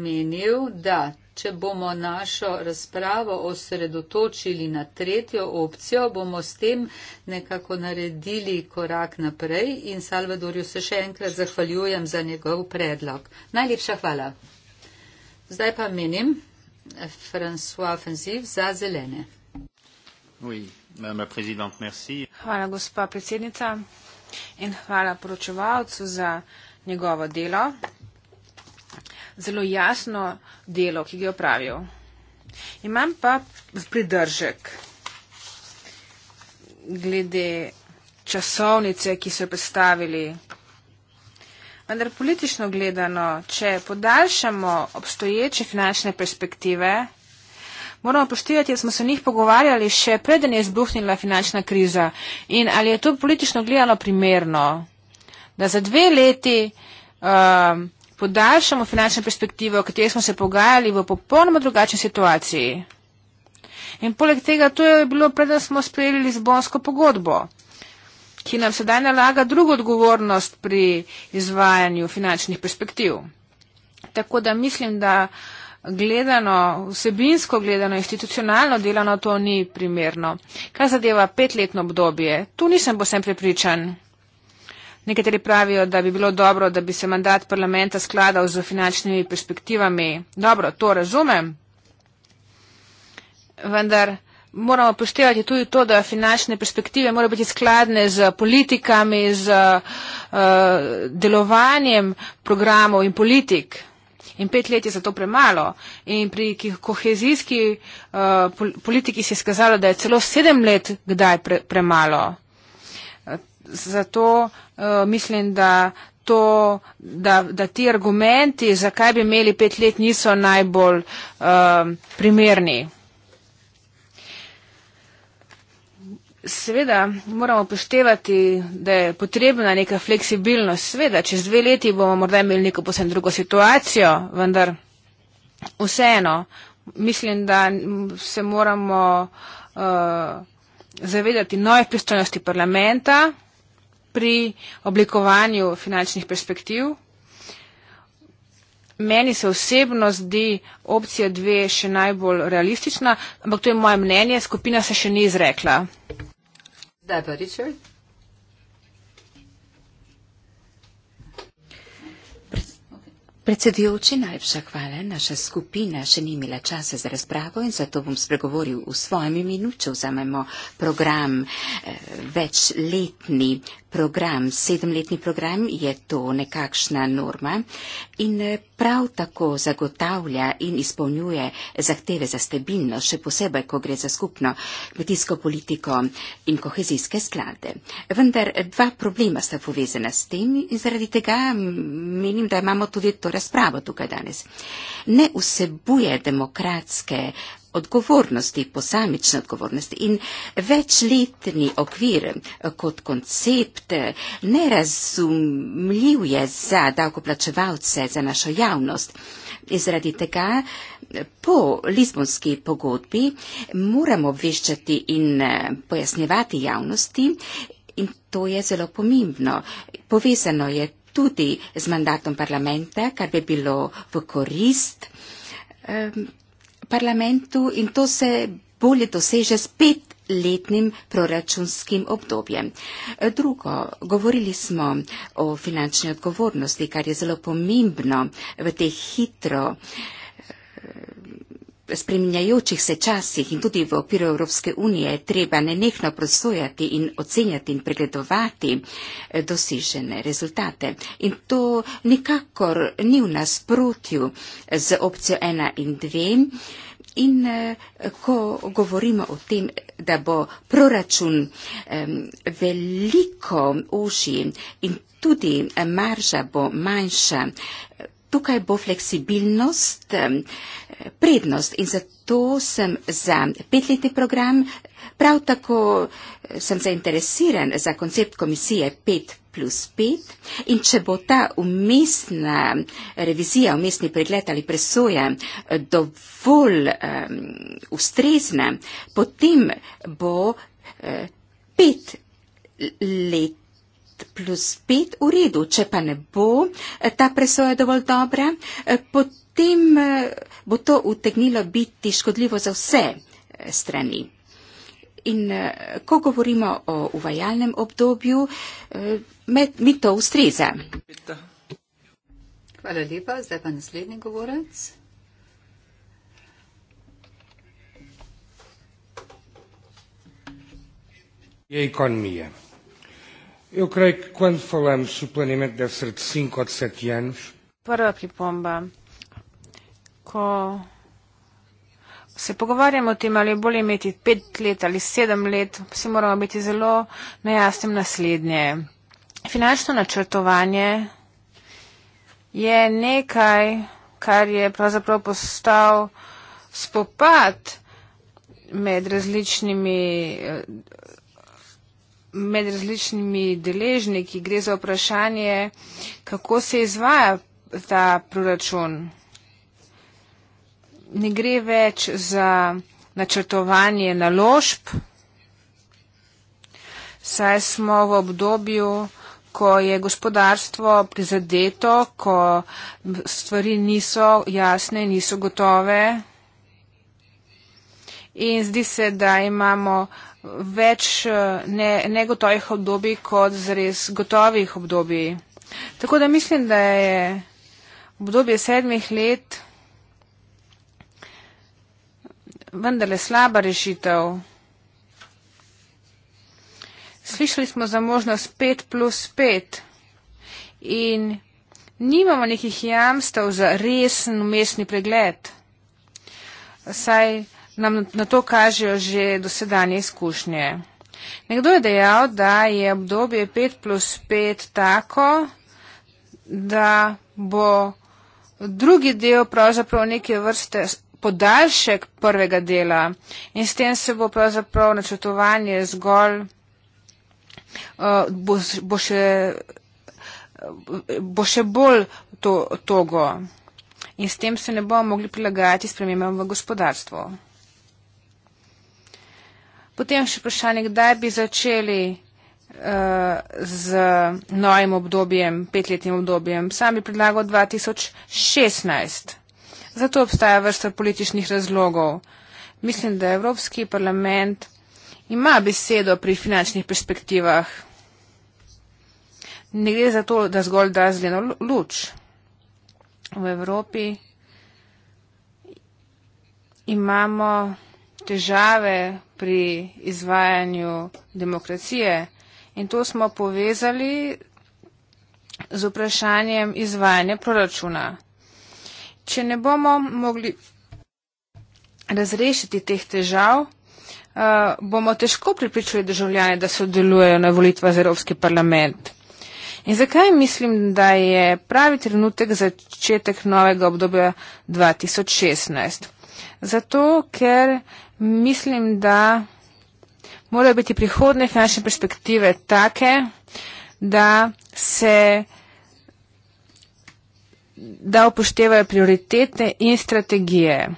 menil, da če bomo našo razpravo osredotočili na tretjo opcijo, bomo s tem nekako naredili korak naprej in Salvadorju se še enkrat zahvaljujem za njegov predlog. Najlepša hvala. Zdaj pa menim, eh, François Fenziv za zelene. Oui, merci. Hvala, gospa predsednica, in hvala poročevalcu za njegovo delo zelo jasno delo, ki ga opravijo. Imam pa pridržek glede časovnice, ki so jo predstavili. Vendar politično gledano, če podaljšamo obstoječe finančne perspektive, moramo poštivati, da smo se o njih pogovarjali še preden je izbruhnila finančna kriza. In ali je to politično gledano primerno, da za dve leti um, podaljšamo finančno perspektivo, o kateri smo se pogajali v popolnoma drugačni situaciji. In poleg tega to je bilo predem smo sprejeli Lizbonsko pogodbo, ki nam sedaj nalaga drugo odgovornost pri izvajanju finančnih perspektiv. Tako da mislim, da gledano, vsebinsko gledano, institucionalno delano to ni primerno. Kar zadeva petletno obdobje, tu nisem posem prepričan. Nekateri pravijo, da bi bilo dobro, da bi se mandat parlamenta skladal z finančnimi perspektivami. Dobro, to razumem. Vendar moramo poštevati tudi to, da finančne perspektive morajo biti skladne z politikami, z uh, delovanjem programov in politik. In pet let je za to premalo. In pri kohezijski uh, politiki se je skazalo, da je celo sedem let kdaj pre, premalo. Eh, zato Eh, mislim, da, to, da, da ti argumenti, zakaj bi imeli pet let, niso najbolj uh, primerni. Seveda moramo poštevati, da je potrebna neka fleksibilnost. Seveda, čez dve leti bomo morda imeli neko posebno drugo situacijo, vendar vseeno mislim, da se moramo uh, zavedati nove pristojnosti parlamenta, pri oblikovanju finančnih perspektiv. Meni se osebno zdi opcija dve še najbolj realistična, ampak to je moje mnenje, skupina se še ni izrekla. Zdaj pa Richard. Predsedujoči, najlepša hvala. Naša skupina še ni imela časa za razpravo in zato bom spregovoril v svojem imenu, če vzamemo program eh, večletni program, sedemletni program je to nekakšna norma in eh, prav tako zagotavlja in izpolnjuje zahteve za stabilnost, še posebej, ko gre za skupno kmetijsko politiko in kohezijske sklade. Vendar eh, dva problema sta povezana s tem in zaradi tega menim, da imamo tudi to razpravo tukaj danes. Ne vsebuje demokratske odgovornosti, posamične odgovornosti in večletni okvir eh, kot koncept eh, nerazumljiv je za davkoplačevalce, za našo javnost. Zaradi tega eh, po Lizbonski pogodbi moramo obveščati in pojasnjevati javnosti in to je zelo pomembno. Povezano je tudi z mandatom parlamenta, kar bi bilo v korist parlamentu in to se bolje doseže s petletnim proračunskim obdobjem. E, drugo, govorili smo o finančni odgovornosti, kar je zelo pomembno v teh hitro spreminjajočih se časih in tudi v okviru Evropske unije je treba nenehno prosojati in ocenjati in pregledovati eh, dosežene rezultate. In to nikakor ni v nasprotju eh, z opcijo 1 in 2. In eh, ko govorimo o tem, da bo proračun veliko ožji in tudi marža bo manjša, tukaj bo fleksibilnost prednost in zato sem za petletni program, prav tako eh, sem zainteresiran za koncept komisije 5 plus 5 in če bo ta umestna eh, revizija, umestni pregled ali presoja eh, dovolj um, ustrezna, potem bo uh, 5 let plus 5 v redu. Če pa ne bo ta presoja dovolj dobra, potem potem eh, bo to utegnilo biti škodljivo za vse eh, strani. In eh, ko govorimo o uvajalnem obdobju, med, mi to ustreza. Hvala lepa. Zdaj pa naslednji govorec. E a economia. Eu creio que quando falamos suplemento deve ser de 5 ou de 7 anos. Para a pipomba, ko se pogovarjamo o tem, ali je bolje imeti pet let ali sedem let, vsi moramo biti zelo najasnem naslednje. Finančno načrtovanje je nekaj, kar je pravzaprav postal spopad med različnimi, med različnimi deležniki. Gre za vprašanje, kako se izvaja ta proračun ne gre več za načrtovanje naložb, saj smo v obdobju, ko je gospodarstvo prizadeto, ko stvari niso jasne, niso gotove. In zdi se, da imamo več eh, ne, negotovih obdobij kot zres gotovih obdobij. Tako da mislim, da je obdobje sedmih let vendarle slaba rešitev. Slišali smo za možnost 5 plus 5 in nimamo nekih jamstev za resen umestni pregled. Saj nam na to kažejo že dosedanje izkušnje. Nekdo je dejal, da je obdobje 5 plus 5 tako, da bo drugi del pravzaprav neke vrste podaljšek prvega dela in s tem se bo pravzaprav načrtovanje zgolj, uh, bo, bo, še, bo še bolj to, togo in s tem se ne bomo mogli prilagajati spremembam v gospodarstvu. Potem še vprašanje, kdaj bi začeli eh, z novim obdobjem, petletnim obdobjem. Sam bi predlagal 2016. Zato obstaja vrsta političnih razlogov. Mislim, da Evropski parlament ima besedo pri finančnih perspektivah. Ne gre za to, da zgolj da zeleno luč. V Evropi imamo težave pri izvajanju demokracije in to smo povezali z vprašanjem izvajanja proračuna če ne bomo mogli razrešiti teh težav, eh, bomo težko pripričali državljane, da sodelujejo na volitva za Evropski parlament. In zakaj mislim, da je pravi trenutek za začetek novega obdobja 2016? Zato, ker mislim, da morajo biti prihodne finančne perspektive take, da se da upoštevajo prioritete in strategije,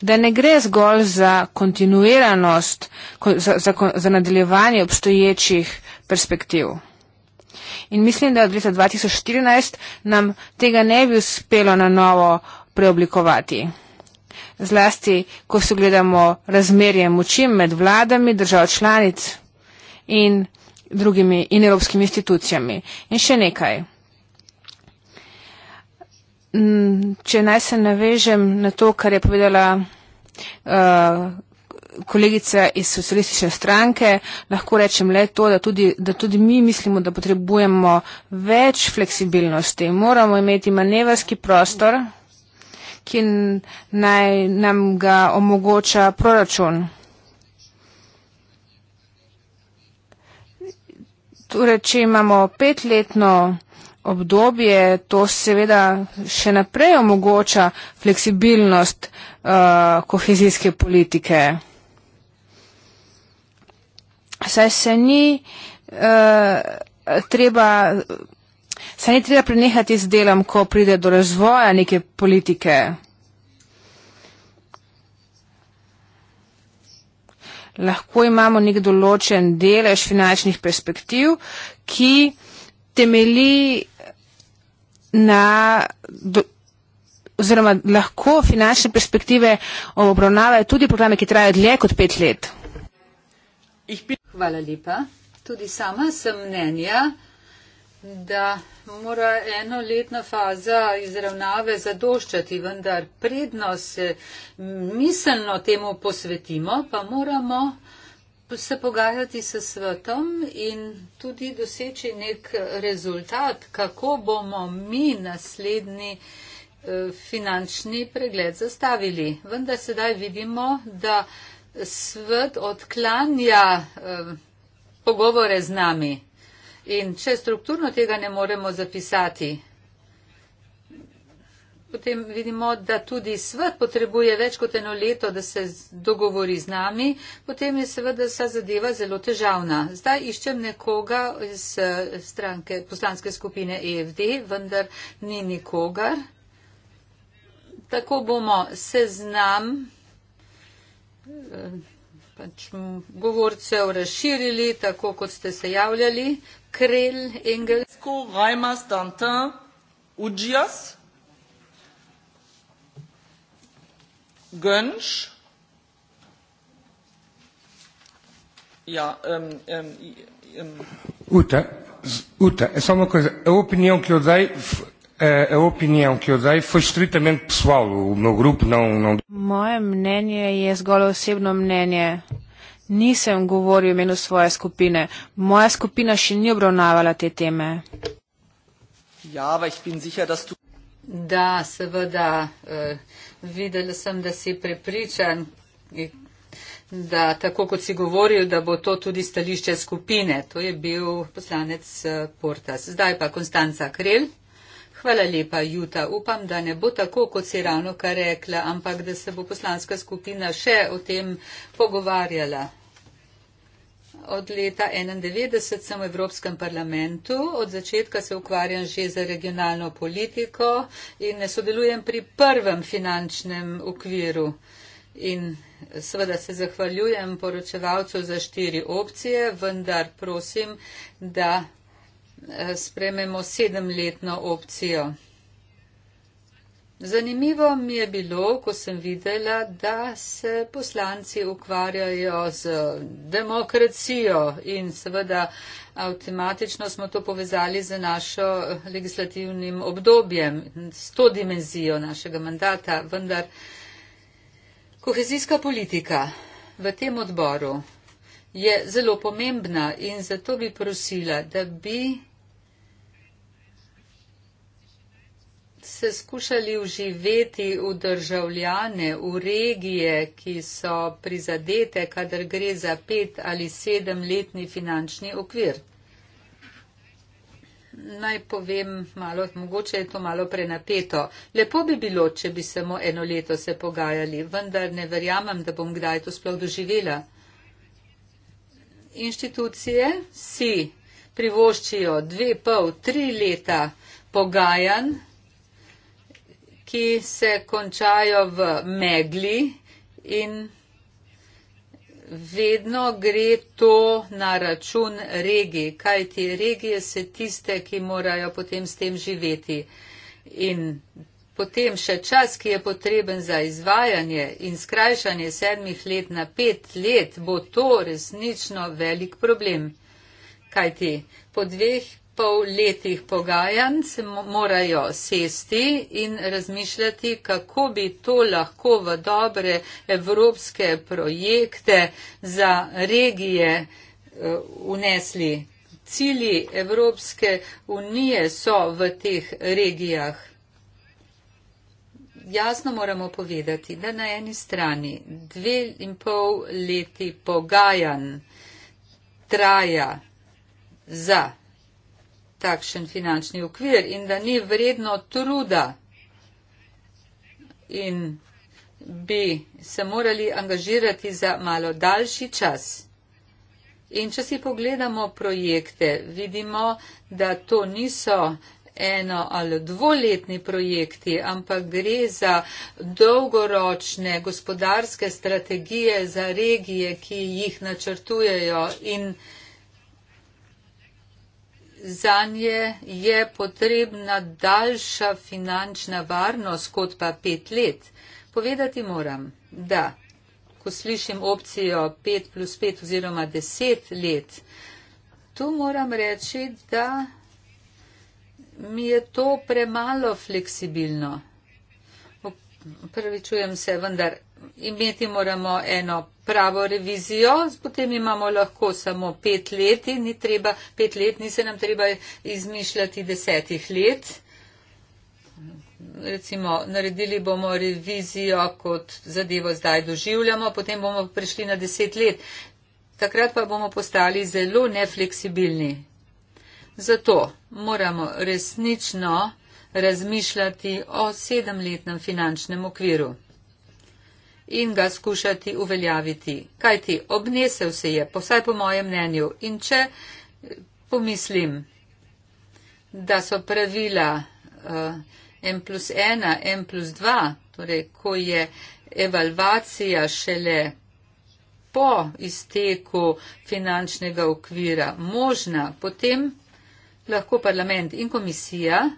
da ne gre zgolj za kontinuiranost, za, za, za nadaljevanje obstoječih perspektiv. In mislim, da od leta 2014 nam tega ne bi uspelo na novo preoblikovati. Zlasti, ko se gledamo razmerje moči med vladami držav članic in drugimi in evropskimi institucijami. In še nekaj. Mm, če naj se navežem na to, kar je povedala uh, kolegica iz socialistične stranke, lahko rečem le to, da tudi, da tudi mi mislimo, da potrebujemo več fleksibilnosti. Moramo imeti manevrski prostor, ki naj nam ga omogoča proračun. Torej, če imamo petletno obdobje, to seveda še naprej omogoča fleksibilnost uh, kohezijske politike. Saj se ni uh, treba. Saj ni treba prenehati z delom, ko pride do razvoja neke politike. Lahko imamo nek določen delež finančnih perspektiv, ki temelji na do, oziroma lahko finančne perspektive obravnavajo tudi programe, ki trajajo dlje kot pet let. Hvala lepa. Tudi sama sem mnenja, da mora enoletna faza izravnave zadoščati, vendar prednost eh, miselno temu posvetimo, pa moramo se pogajati s svetom in tudi doseči nek rezultat, kako bomo mi naslednji eh, finančni pregled zastavili. Vendar sedaj vidimo, da svet odklanja eh, pogovore z nami. In če strukturno tega ne moremo zapisati, potem vidimo, da tudi svet potrebuje več kot eno leto, da se dogovori z nami, potem je seveda vsa zadeva zelo težavna. Zdaj iščem nekoga iz eh, stranke, poslanske skupine EFD, vendar ni nikogar. Tako bomo seznam eh, pač, govorcev razširili, tako kot ste se javljali. Krel, Engel. Reimers, Dantin, Udžias. Gönsch. Ja, um, ähm, um, ähm, um. Ähm. Uta, Uta, é só uma coisa. A opinião que eu dei, a opinião que eu dei foi estritamente pessoal. O meu grupo não, não. Moje mnenje je zgolj osebno mnenje. Nisem govoril imenu svoje skupine. Moja skupina še ni obravnavala te teme. Ja, aber ich bin sicher, dass du. Da, seveda. Uh, videla sem, da si prepričan, da tako kot si govoril, da bo to tudi stališče skupine. To je bil poslanec eh, Portas. Zdaj pa Konstanca Krel. Hvala lepa, Juta. Upam, da ne bo tako, kot si ravno kar rekla, ampak da se bo poslanska skupina še o tem pogovarjala od leta 1991 sem v Evropskem parlamentu, od začetka se ukvarjam že za regionalno politiko in sodelujem pri prvem finančnem okviru. In seveda se zahvaljujem poročevalcu za štiri opcije, vendar prosim, da eh, sprememo sedemletno opcijo. Zanimivo mi je bilo, ko sem videla, da se poslanci ukvarjajo z demokracijo in seveda avtomatično smo to povezali z našo legislativnim obdobjem, s to dimenzijo našega mandata, vendar kohezijska politika v tem odboru je zelo pomembna in zato bi prosila, da bi se skušali uživeti v državljane, v regije, ki so prizadete, kadar gre za pet ali sedem letni finančni okvir. Naj povem malo, mogoče je to malo prenapeto. Lepo bi bilo, če bi samo eno leto se pogajali, vendar ne verjamem, da bom kdaj to sploh doživela. Inštitucije si privoščijo dve, pol, tri leta pogajanj ki se končajo v megli in vedno gre to na račun regij, kajti regije se tiste, ki morajo potem s tem živeti. In potem še čas, ki je potreben za izvajanje in skrajšanje sedmih let na pet let, bo to resnično velik problem. Kajti po dveh pol letih pogajanj se morajo sesti in razmišljati, kako bi to lahko v dobre evropske projekte za regije eh, unesli. Cili Evropske unije so v teh regijah. Jasno moramo povedati, da na eni strani dve in pol leti pogajanj traja za takšen finančni ukvir in da ni vredno truda in bi se morali angažirati za malo daljši čas. In če si pogledamo projekte, vidimo, da to niso eno ali dvoletni projekti, ampak gre za dolgoročne gospodarske strategije za regije, ki jih načrtujejo in za nje je potrebna daljša finančna varnost kot pa pet let. Povedati moram, da ko slišim opcijo 5 plus 5 oziroma 10 let, tu moram reči, da mi je to premalo fleksibilno. Prvi čujem se, vendar imeti moramo eno pravo revizijo, potem imamo lahko samo pet let in ni treba, pet let ni se nam treba izmišljati desetih let. Recimo, naredili bomo revizijo, kot zadevo zdaj doživljamo, potem bomo prišli na deset let. Takrat pa bomo postali zelo nefleksibilni. Zato moramo resnično razmišljati o sedemletnem finančnem okviru in ga skušati uveljaviti, kajti obnesel se je, posaj po mojem mnenju. In če pomislim, da so pravila eh, M plus 1, M plus 2, torej ko je evalvacija šele po izteku finančnega okvira možna, potem lahko parlament in komisija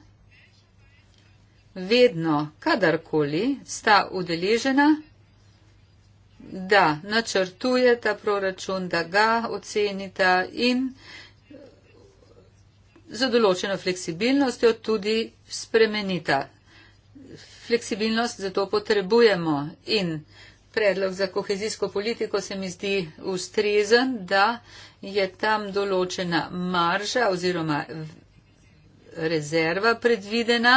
vedno, kadarkoli sta udeležena, da načrtujeta proračun, da ga ocenita in za določeno fleksibilnostjo tudi spremenita. Fleksibilnost zato potrebujemo in predlog za kohezijsko politiko se mi zdi ustrezen, da je tam določena marža oziroma rezerva predvidena.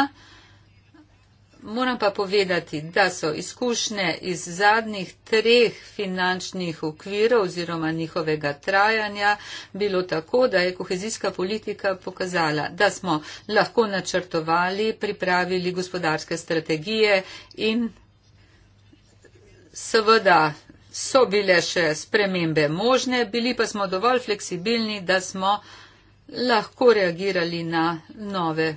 Moram pa povedati, da so izkušnje iz zadnjih treh finančnih okvirov oziroma njihovega trajanja bilo tako, da je kohezijska politika pokazala, da smo lahko načrtovali, pripravili gospodarske strategije in seveda so bile še spremembe možne, bili pa smo dovolj fleksibilni, da smo lahko reagirali na nove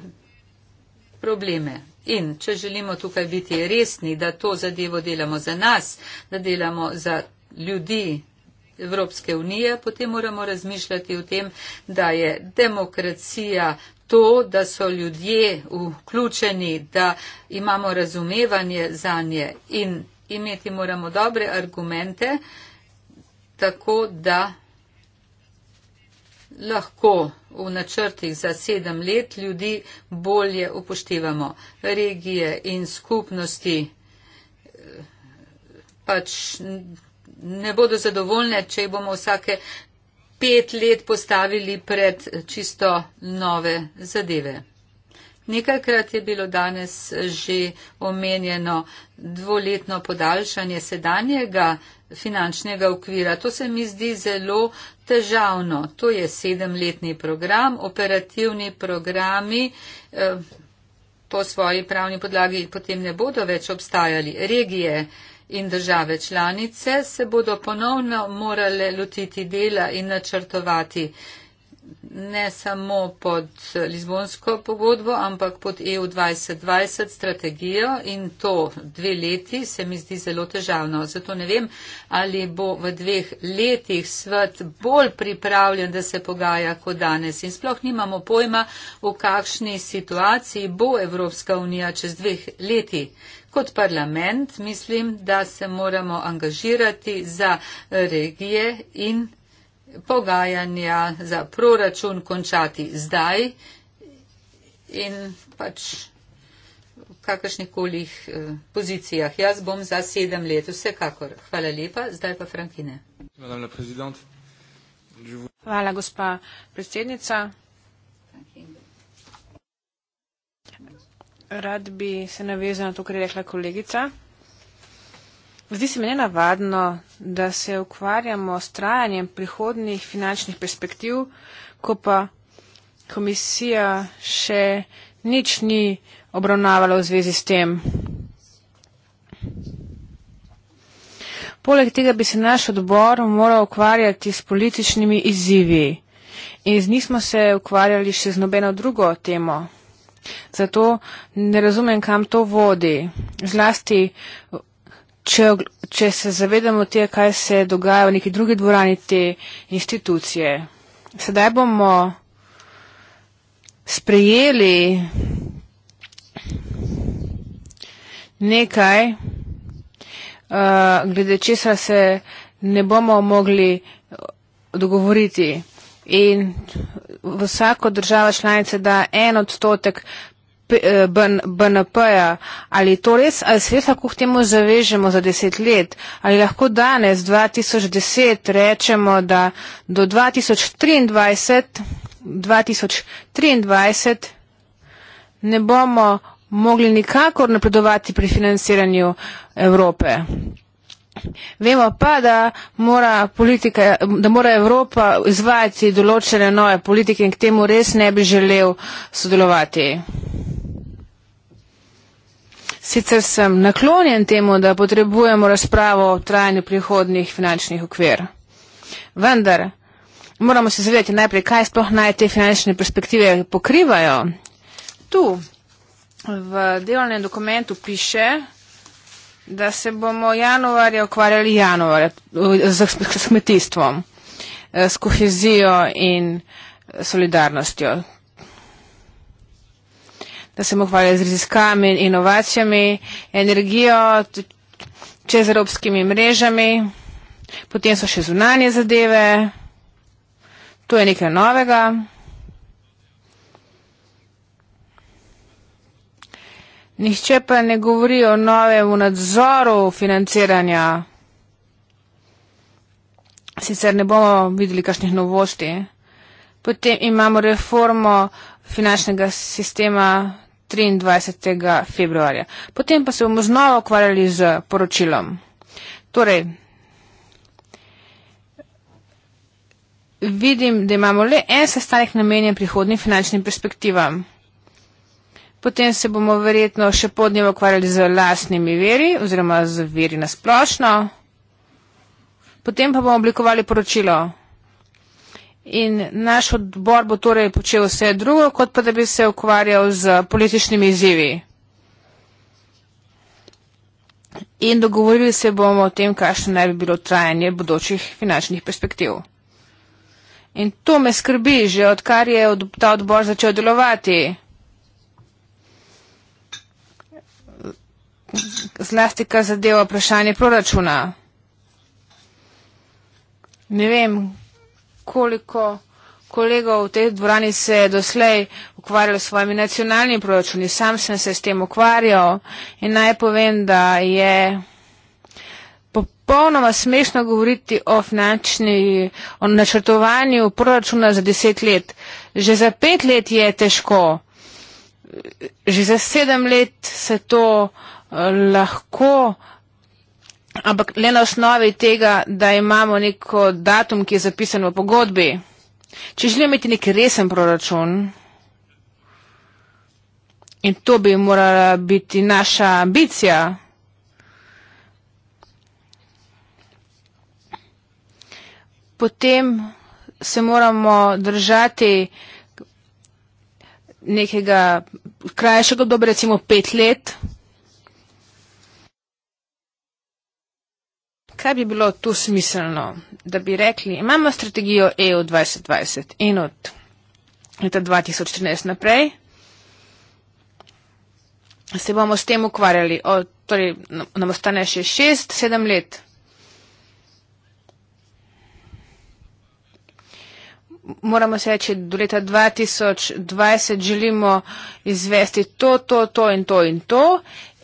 probleme. In če želimo tukaj biti resni, da to zadevo delamo za nas, da delamo za ljudi Evropske unije, potem moramo razmišljati o tem, da je demokracija to, da so ljudje vključeni, da imamo razumevanje za nje in imeti moramo dobre argumente, tako da lahko v načrtih za sedem let ljudi bolje upoštevamo. Regije in skupnosti eh, pač ne bodo zadovoljne, če bomo vsake pet let postavili pred čisto nove zadeve. Nekajkrat je bilo danes že omenjeno dvoletno podaljšanje sedanjega finančnega okvira. To se mi zdi zelo težavno. To je sedemletni program, operativni programi. Eh, po svoji pravni podlagi potem ne bodo več obstajali. Regije in države članice se bodo ponovno morale lotiti dela in načrtovati eh, ne samo pod Lizbonsko pogodbo, ampak pod EU 2020 strategijo in to dve leti se mi zdi zelo težavno. Zato ne vem, ali bo v dveh letih svet bolj pripravljen, da se pogaja kot danes. In sploh nimamo pojma, v kakšni situaciji bo Evropska unija čez dveh leti. Kot parlament mislim, da se moramo angažirati za regije in pogajanja za proračun končati zdaj in pač v kakršnikoli eh, pozicijah. Jaz bom za sedem let vsekakor. Hvala lepa, zdaj pa Frankine. Hvala, gospa predsednica. Rad bi se navezal na to, kar je rekla kolegica. Zdi se mi nenavadno, da se ukvarjamo s trajanjem prihodnih finančnih perspektiv, ko pa komisija še nič ni obravnavala v zvezi s tem. Poleg tega bi se naš odbor moral ukvarjati s političnimi izzivi in z njih smo se ukvarjali še z nobeno drugo temo. Zato ne razumem, kam to vodi. Zlasti če, če se zavedamo te, kaj se dogaja v neki drugi dvorani te institucije. Sedaj bomo sprejeli nekaj, uh, glede česa se ne bomo mogli eh, dogovoriti. In vsako država članice da en odstotek Eh, BNP-ja, ali to res, ali se res lahko k temu zavežemo za deset let, ali lahko danes, 2010, rečemo, da do 2023, 2023 ne bomo mogli nikakor napredovati pri financiranju Evrope. Vemo pa, da mora, politika, da mora Evropa izvajati določene nove politike in k temu res ne bi želel sodelovati. Sicer sem naklonjen temu, da potrebujemo razpravo o trajanju prihodnih finančnih okvir. Vendar moramo se zavedati najprej, kaj sploh naj te finančne perspektive pokrivajo. Tu v delovnem dokumentu piše, da se bomo januarja ukvarjali januarja z, z kmetijstvom, eh, s kohezijo in eh, solidarnostjo da se bomo hvalili z raziskami in inovacijami, energijo, čez evropskimi mrežami, potem so še zunanje zadeve, to je nekaj novega. Nihče pa ne govori o novem nadzoru financiranja. Sicer ne bomo videli kakšnih novosti. Potem imamo reformo finančnega sistema 23. februarja. Potem pa se bomo znova ukvarjali z poročilom. Torej, vidim, da imamo le en sestanek namenjen prihodnim finančnim perspektivam. Potem se bomo verjetno še podnevo ukvarjali z lastnimi veri oziroma z veri na splošno. Potem pa bomo oblikovali poročilo. In naš odbor bo torej počel vse drugo, kot pa da bi se ukvarjal z političnimi izzivi. In dogovorili se bomo o tem, kakšno naj bi bilo trajanje bodočih finančnih perspektiv. In to me skrbi, že odkar je ta odbor začel delovati. Zlasti, kar zadeva vprašanje proračuna. Ne vem, koliko kolegov v tej dvorani se je doslej ukvarjalo s svojimi nacionalnimi proračuni. Sam sem se s tem ukvarjal in naj povem, da je popolnoma smešno govoriti o finančni, o načrtovanju proračuna za deset let. Že za pet let je težko. Že za sedem let se to eh, lahko uh, ampak le na osnovi tega, da imamo neko datum, ki je zapisan v pogodbi. Če želimo imeti nek resen proračun in to bi morala biti naša ambicija, potem se moramo držati nekega krajšega obdobja, recimo pet let, kaj bi bilo tu smiselno, da bi rekli, imamo strategijo EU 2020 in od leta 2013 naprej se bomo s tem ukvarjali, o, torej nam ostane še 6-7 let. Moramo se reči, do leta 2020 želimo izvesti to, to, to in to in to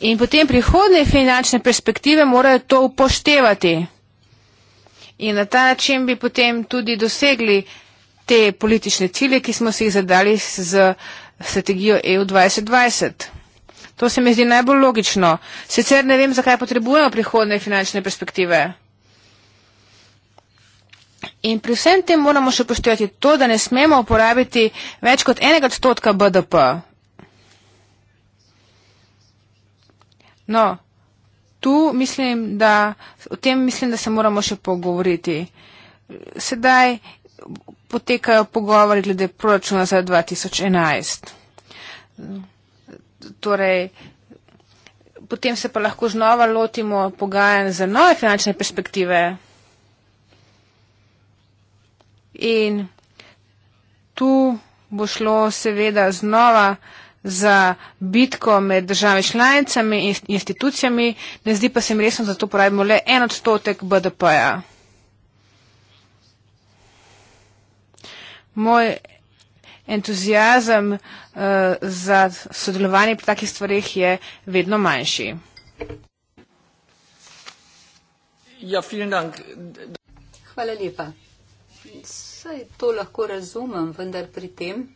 In potem prihodne finančne perspektive morajo to upoštevati. In na ta način bi potem tudi dosegli te politične cilje, ki smo si jih zadali z strategijo EU 2020. To se mi zdi najbolj logično. Sicer ne vem, zakaj potrebujemo prihodne finančne perspektive. In pri vsem tem moramo še poštevati to, da ne smemo uporabiti več kot enega odstotka BDP. -a. No, tu mislim, da o tem mislim, da se moramo še pogovoriti. Sedaj potekajo pogovori glede proračuna za 2011. Torej, potem se pa lahko znova lotimo pogajanj za nove finančne perspektive. In tu bo šlo seveda znova za bitko med državami članicami in institucijami, ne zdi pa se mi resno, zato porabimo le en odstotek BDP-ja. Moj entuzijazem uh, eh, za sodelovanje pri takih stvarih je vedno manjši. Ja, dank. Hvala lepa. Saj to lahko razumem, vendar pri tem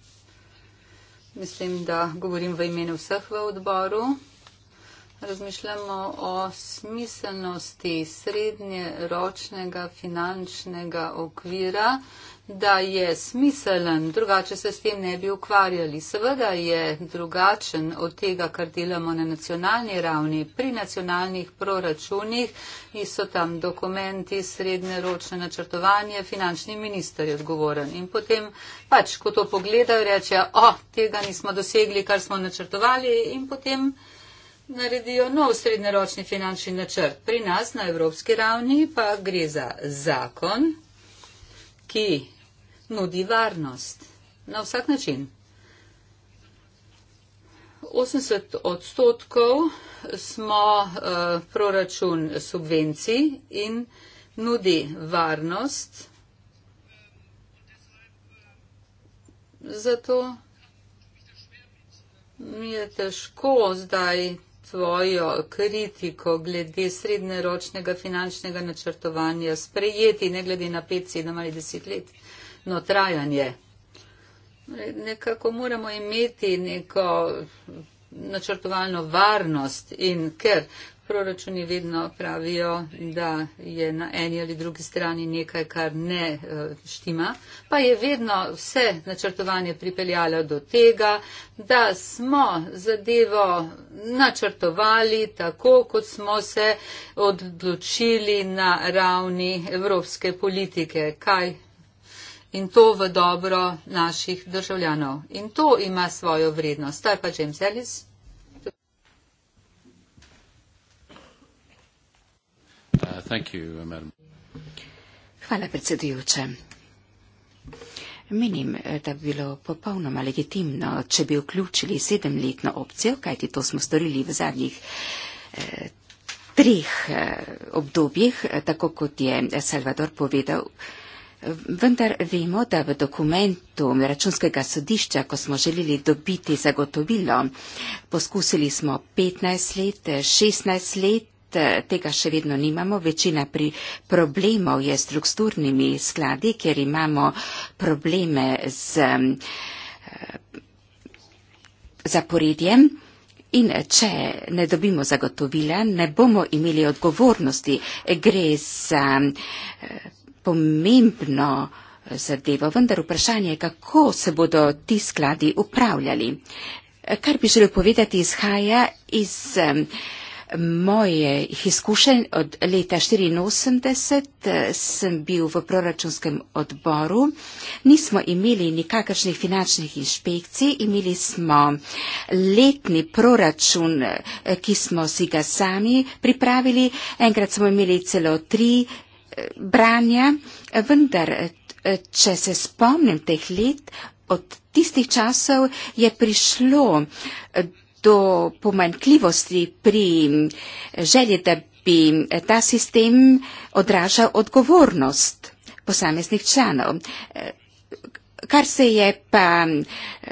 mislim, da govorim v imenu vseh v odboru. Razmišljamo o smiselnosti srednjeročnega finančnega okvira, da je smiselen, drugače se s tem ne bi ukvarjali. Seveda je drugačen od tega, kar delamo na nacionalni ravni. Pri nacionalnih proračunih so tam dokumenti, srednjeročne načrtovanje, finančni minister je odgovoren. In potem pač, ko to pogledajo, reče, o, oh, tega nismo dosegli, kar smo načrtovali in potem naredijo nov srednjeročni finančni načrt. Pri nas na evropski ravni pa gre za zakon ki nudi varnost na vsak način. 80 odstotkov smo uh, proračun subvencij in nudi varnost. Zato mi je težko zdaj tvojo kritiko glede srednjeročnega finančnega načrtovanja sprejeti, ne glede na 5, 7 ali 10 let no trajanje. Torej, nekako moramo imeti neko načrtovalno varnost in ker proračuni vedno pravijo, da je na eni ali drugi strani nekaj, kar ne eh, štima, pa je vedno vse načrtovanje pripeljalo do tega, da smo zadevo načrtovali tako, kot smo se odločili na ravni evropske politike, kaj in to v dobro naših državljanov. In to ima svojo vrednost. To je pa James Ellis. Uh, uh, Hvala, predsedujoče. Menim, eh, da bi bilo popolnoma legitimno, če bi vključili sedemletno opcijo, kajti to smo storili v zadnjih eh, treh eh, obdobjih, eh, tako kot je Salvador povedal. Eh, Vendar vemo, da v dokumentu računskega sodišča, ko smo želeli dobiti zagotovilo, poskusili smo 15 let, 16 let, tega še vedno nimamo. Večina pri problemov je strukturnimi skladi, ker imamo probleme z eh, zaporedjem. In če ne dobimo zagotovila, ne bomo imeli odgovornosti. Gre za eh, pomembno eh, zadevo, vendar vprašanje je, kako se bodo ti skladi upravljali. Eh, kar bi želel povedati, izhaja iz mojih izkušenj od leta 1984. Eh, sem bil v proračunskem odboru. Nismo imeli nikakršnih finančnih inšpekcij, imeli smo letni proračun, ki smo si ga sami pripravili. Enkrat smo imeli celo tri branja, vendar, če se spomnim teh let, od tistih časov je prišlo e, do pomankljivosti pri e, želji, da bi e, ta sistem odražal odgovornost posameznih članov. Kar se je pa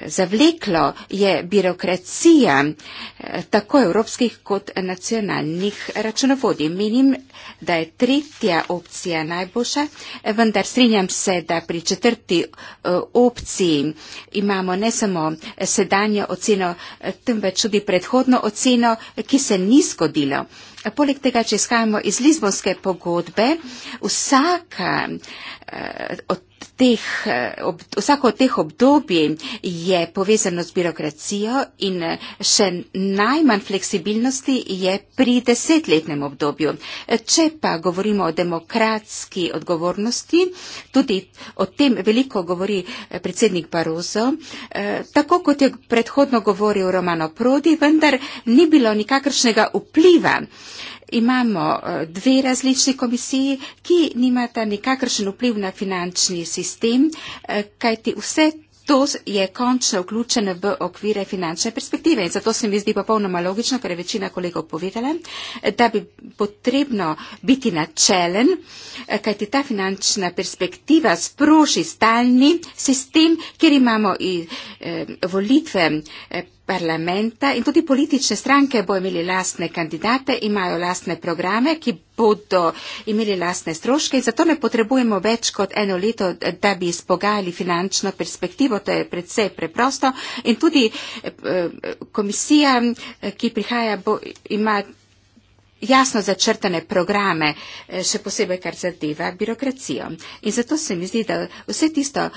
zavleklo, je birokracija tako evropskih kot nacionalnih računovodij. Menim, da je tretja opcija najboljša, vendar strinjam se, da pri četrti e, opciji imamo ne samo sedanjo oceno, temveč tudi predhodno oceno, ki se ni zgodilo. Poleg tega, če izhajamo iz Lizbonske pogodbe, vsaka e, od teh, eh, ob, vsako od teh obdobij je povezano z birokracijo in eh, še najmanj fleksibilnosti je pri desetletnem obdobju. Eh, če pa govorimo o demokratski odgovornosti, tudi o tem veliko govori predsednik Barozo, tako kot je predhodno govoril Romano Prodi, vendar ni bilo nikakršnega vpliva imamo eh, dve različni komisiji, ki nimata nikakršen vpliv na finančni sistem, eh, kajti vse to je končno vključeno v okvire finančne perspektive. In zato se mi zdi popolnoma logično, kar je večina kolegov povedala, da bi potrebno biti načelen, eh, kajti ta finančna perspektiva sproži stalni sistem, kjer imamo i, e, volitve. E, parlamenta in tudi politične stranke bo imeli lastne kandidate, imajo lastne programe, ki bodo imeli lastne stroške in zato ne potrebujemo več kot eno leto, da bi izpogajali finančno perspektivo. To je predvsej preprosto in tudi eh, eh, komisija, eh, ki prihaja, bo imati jasno začrtane programe, eh, še posebej, kar zadeva birokracijo. In zato se mi zdi, da vse tisto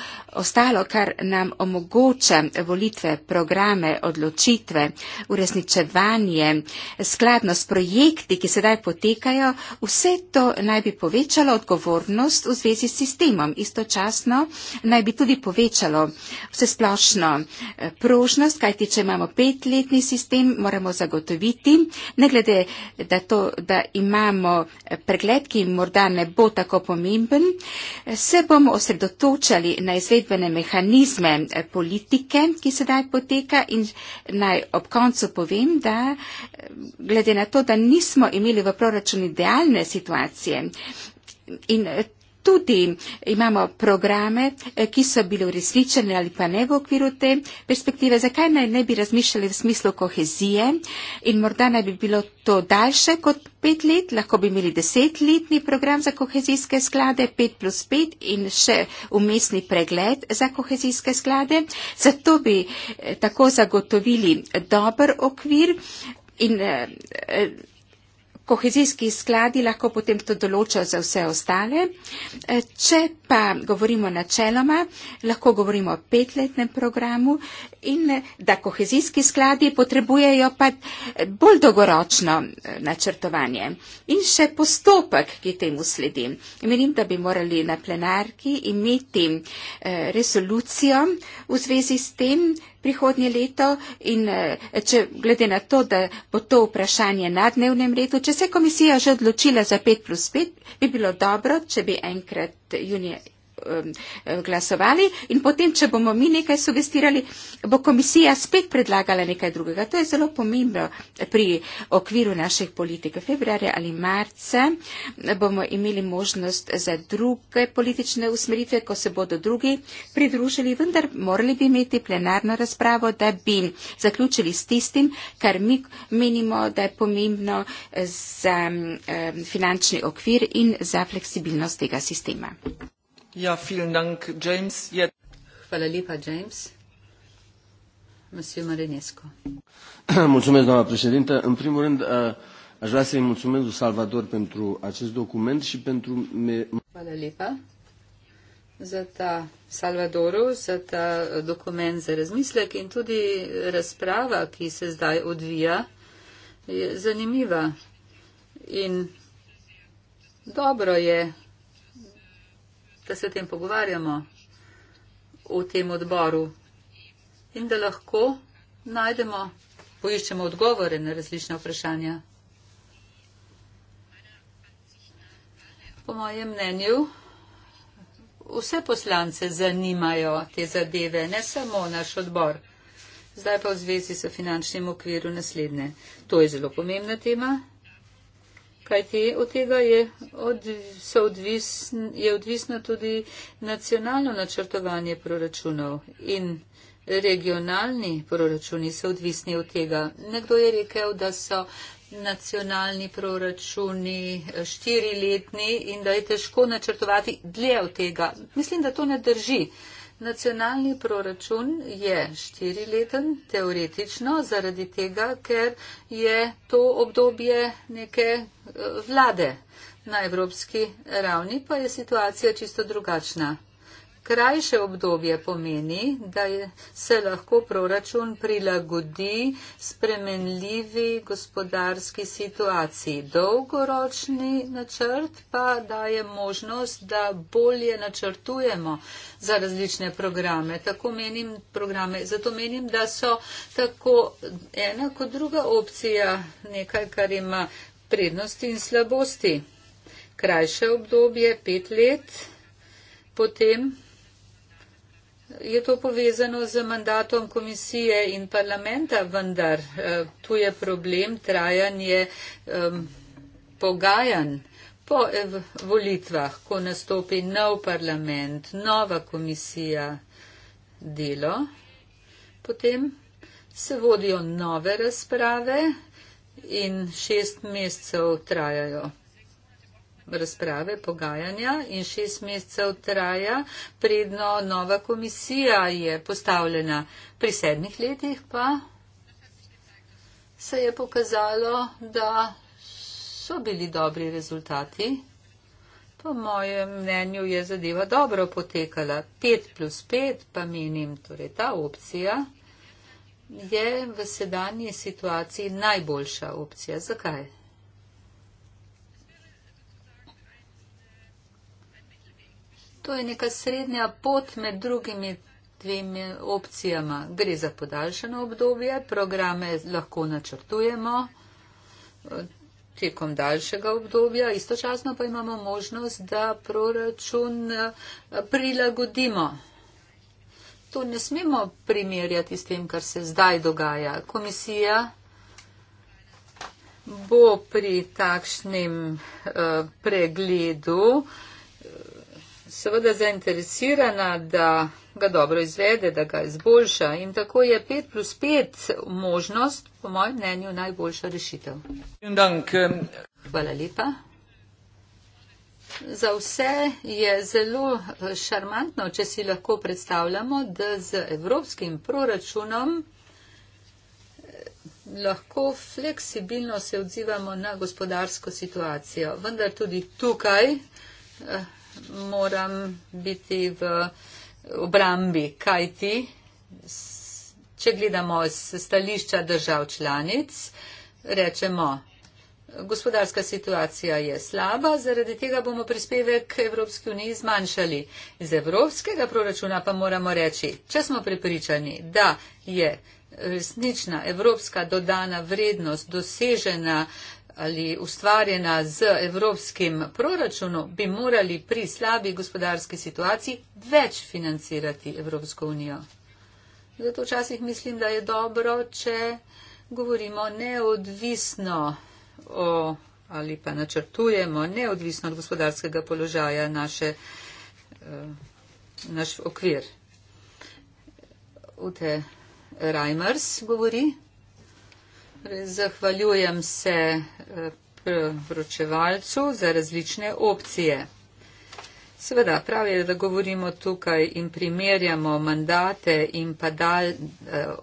ostalo, kar nam omogoča volitve, programe, odločitve, uresničevanje, skladno s projekti, ki sedaj potekajo, vse to naj bi povečalo odgovornost v zvezi s sistemom. Istočasno naj bi tudi povečalo vse splošno eh, prožnost, kajti če imamo petletni sistem, moramo zagotoviti, ne glede, da to to, da imamo eh, pregled, ki morda ne bo tako pomemben, eh, se bomo osredotočali na izvedbene mehanizme eh, politike, ki sedaj poteka in naj ob koncu povem, da glede na to, da nismo imeli v proračunu idealne situacije in tudi imamo programe, eh, ki so bili uresničeni ali pa ne v okviru te perspektive, zakaj naj ne bi razmišljali v smislu kohezije in morda naj bi bilo to daljše kot pet let, lahko bi imeli desetletni program za kohezijske sklade, pet plus pet in še umestni pregled za kohezijske sklade. Zato bi eh, tako zagotovili dober okvir in eh, eh, kohezijski skladi lahko potem to določajo za vse ostale. E, če pa govorimo načeloma, lahko govorimo o petletnem programu in e, da kohezijski skladi potrebujejo pa e, bolj dolgoročno načrtovanje in še postopek, ki temu sledi. Menim, da bi morali na plenarki imeti resolucijo v zvezi s tem, prihodnje leto in eh, če glede na to, da bo to vprašanje na dnevnem redu, če se komisija že odločila za 5 plus 5, bi bilo dobro, če bi enkrat junija, Um, glasovali in potem, če bomo mi nekaj sugestirali, bo komisija spet predlagala nekaj drugega. To je zelo pomembno pri okviru naših politik. Februarja ali marca bomo imeli možnost za druge politične usmeritve, ko se bodo drugi pridružili, vendar morali bi imeti plenarno razpravo, da bi zaključili s tistim, kar mi menimo, da je pomembno za um, finančni okvir in za fleksibilnost tega sistema. Ja, vielen Dank, James. Ja. Hvala lepa, James. Monsieur Marinesco. Mulțumesc, doamna președintă. În primul rând, aș vrea să-i mulțumesc lui Salvador pentru acest document și pentru... Hvala lepa za ta Salvadoru, za ta dokument za razmislek in tudi razprava, ki se zdaj odvija, je zanimiva. In dobro je, da se o tem pogovarjamo v tem odboru in da lahko najdemo, poiščemo odgovore na različna vprašanja. Po mojem mnenju, vse poslance zanimajo te zadeve, ne samo naš odbor. Zdaj pa v zvezi s finančnim okviru naslednje. To je zelo pomembna tema. Kajti od tega je, od, odvisn, je odvisno tudi nacionalno načrtovanje proračunov in regionalni proračuni so odvisni od tega. Nekdo je rekel, da so nacionalni proračuni eh, štiriletni in da je težko načrtovati dlje od tega. Mislim, da to ne drži. Uh, Nacionalni proračun je štirileten, teoretično, zaradi tega, ker je to obdobje neke eh, vlade. Na evropski ravni pa je situacija čisto drugačna krajše obdobje pomeni, da se lahko proračun prilagodi spremenljivi gospodarski situaciji. Dolgoročni načrt pa daje možnost, da bolje načrtujemo za različne programe. Menim, programe. Zato menim, da so tako ena kot druga opcija nekaj, kar ima prednosti in slabosti. Krajše obdobje, pet let, potem je to povezano z mandatom komisije in parlamenta, vendar eh, tu je problem trajanje um, pogajanj po volitvah, ko nastopi nov parlament, nova komisija delo. Potem se vodijo nove razprave in šest mesecev trajajo razprave, pogajanja in šest mesecev traja, predno nova komisija je postavljena pri sedmih letih, pa se je pokazalo, da so bili dobri rezultati. Po mojem mnenju je zadeva dobro potekala. 5 plus 5, pa menim, torej ta opcija je v sedanji situaciji najboljša opcija. Zakaj? To je neka srednja pot med drugimi dvemi opcijama. Gre za podaljšano obdobje, programe lahko načrtujemo eh, tekom daljšega obdobja, istočasno pa imamo možnost, da proračun eh, prilagodimo. To ne smemo primerjati s tem, kar se zdaj dogaja. Komisija bo pri takšnem eh, pregledu seveda zainteresirana, da ga dobro izvede, da ga izboljša. In tako je 5 plus 5 možnost, po mojem mnenju, najboljša rešitev. Ehm. Hvala lepa. Za vse je zelo eh, šarmantno, če si lahko predstavljamo, da z evropskim proračunom eh, lahko fleksibilno se odzivamo na gospodarsko situacijo. Vendar tudi tukaj eh, moram biti v obrambi, kajti, če gledamo z stališča držav članic, rečemo, gospodarska situacija je slaba, zaradi tega bomo prispevek Evropski uniji zmanjšali. Iz evropskega proračuna pa moramo reči, če smo prepričani, da je resnična evropska dodana vrednost dosežena, ali ustvarjena z evropskim proračunom, bi morali pri slabi gospodarski situaciji več financirati Evropsko unijo. Zato včasih mislim, da je dobro, če govorimo neodvisno o, ali pa načrtujemo neodvisno od gospodarskega položaja naše, eh, naš okvir. Ute Reimers govori. Zahvaljujem se vročevalcu eh, za različne opcije. Seveda, prav je, da govorimo tukaj in primerjamo mandate in pa dal eh,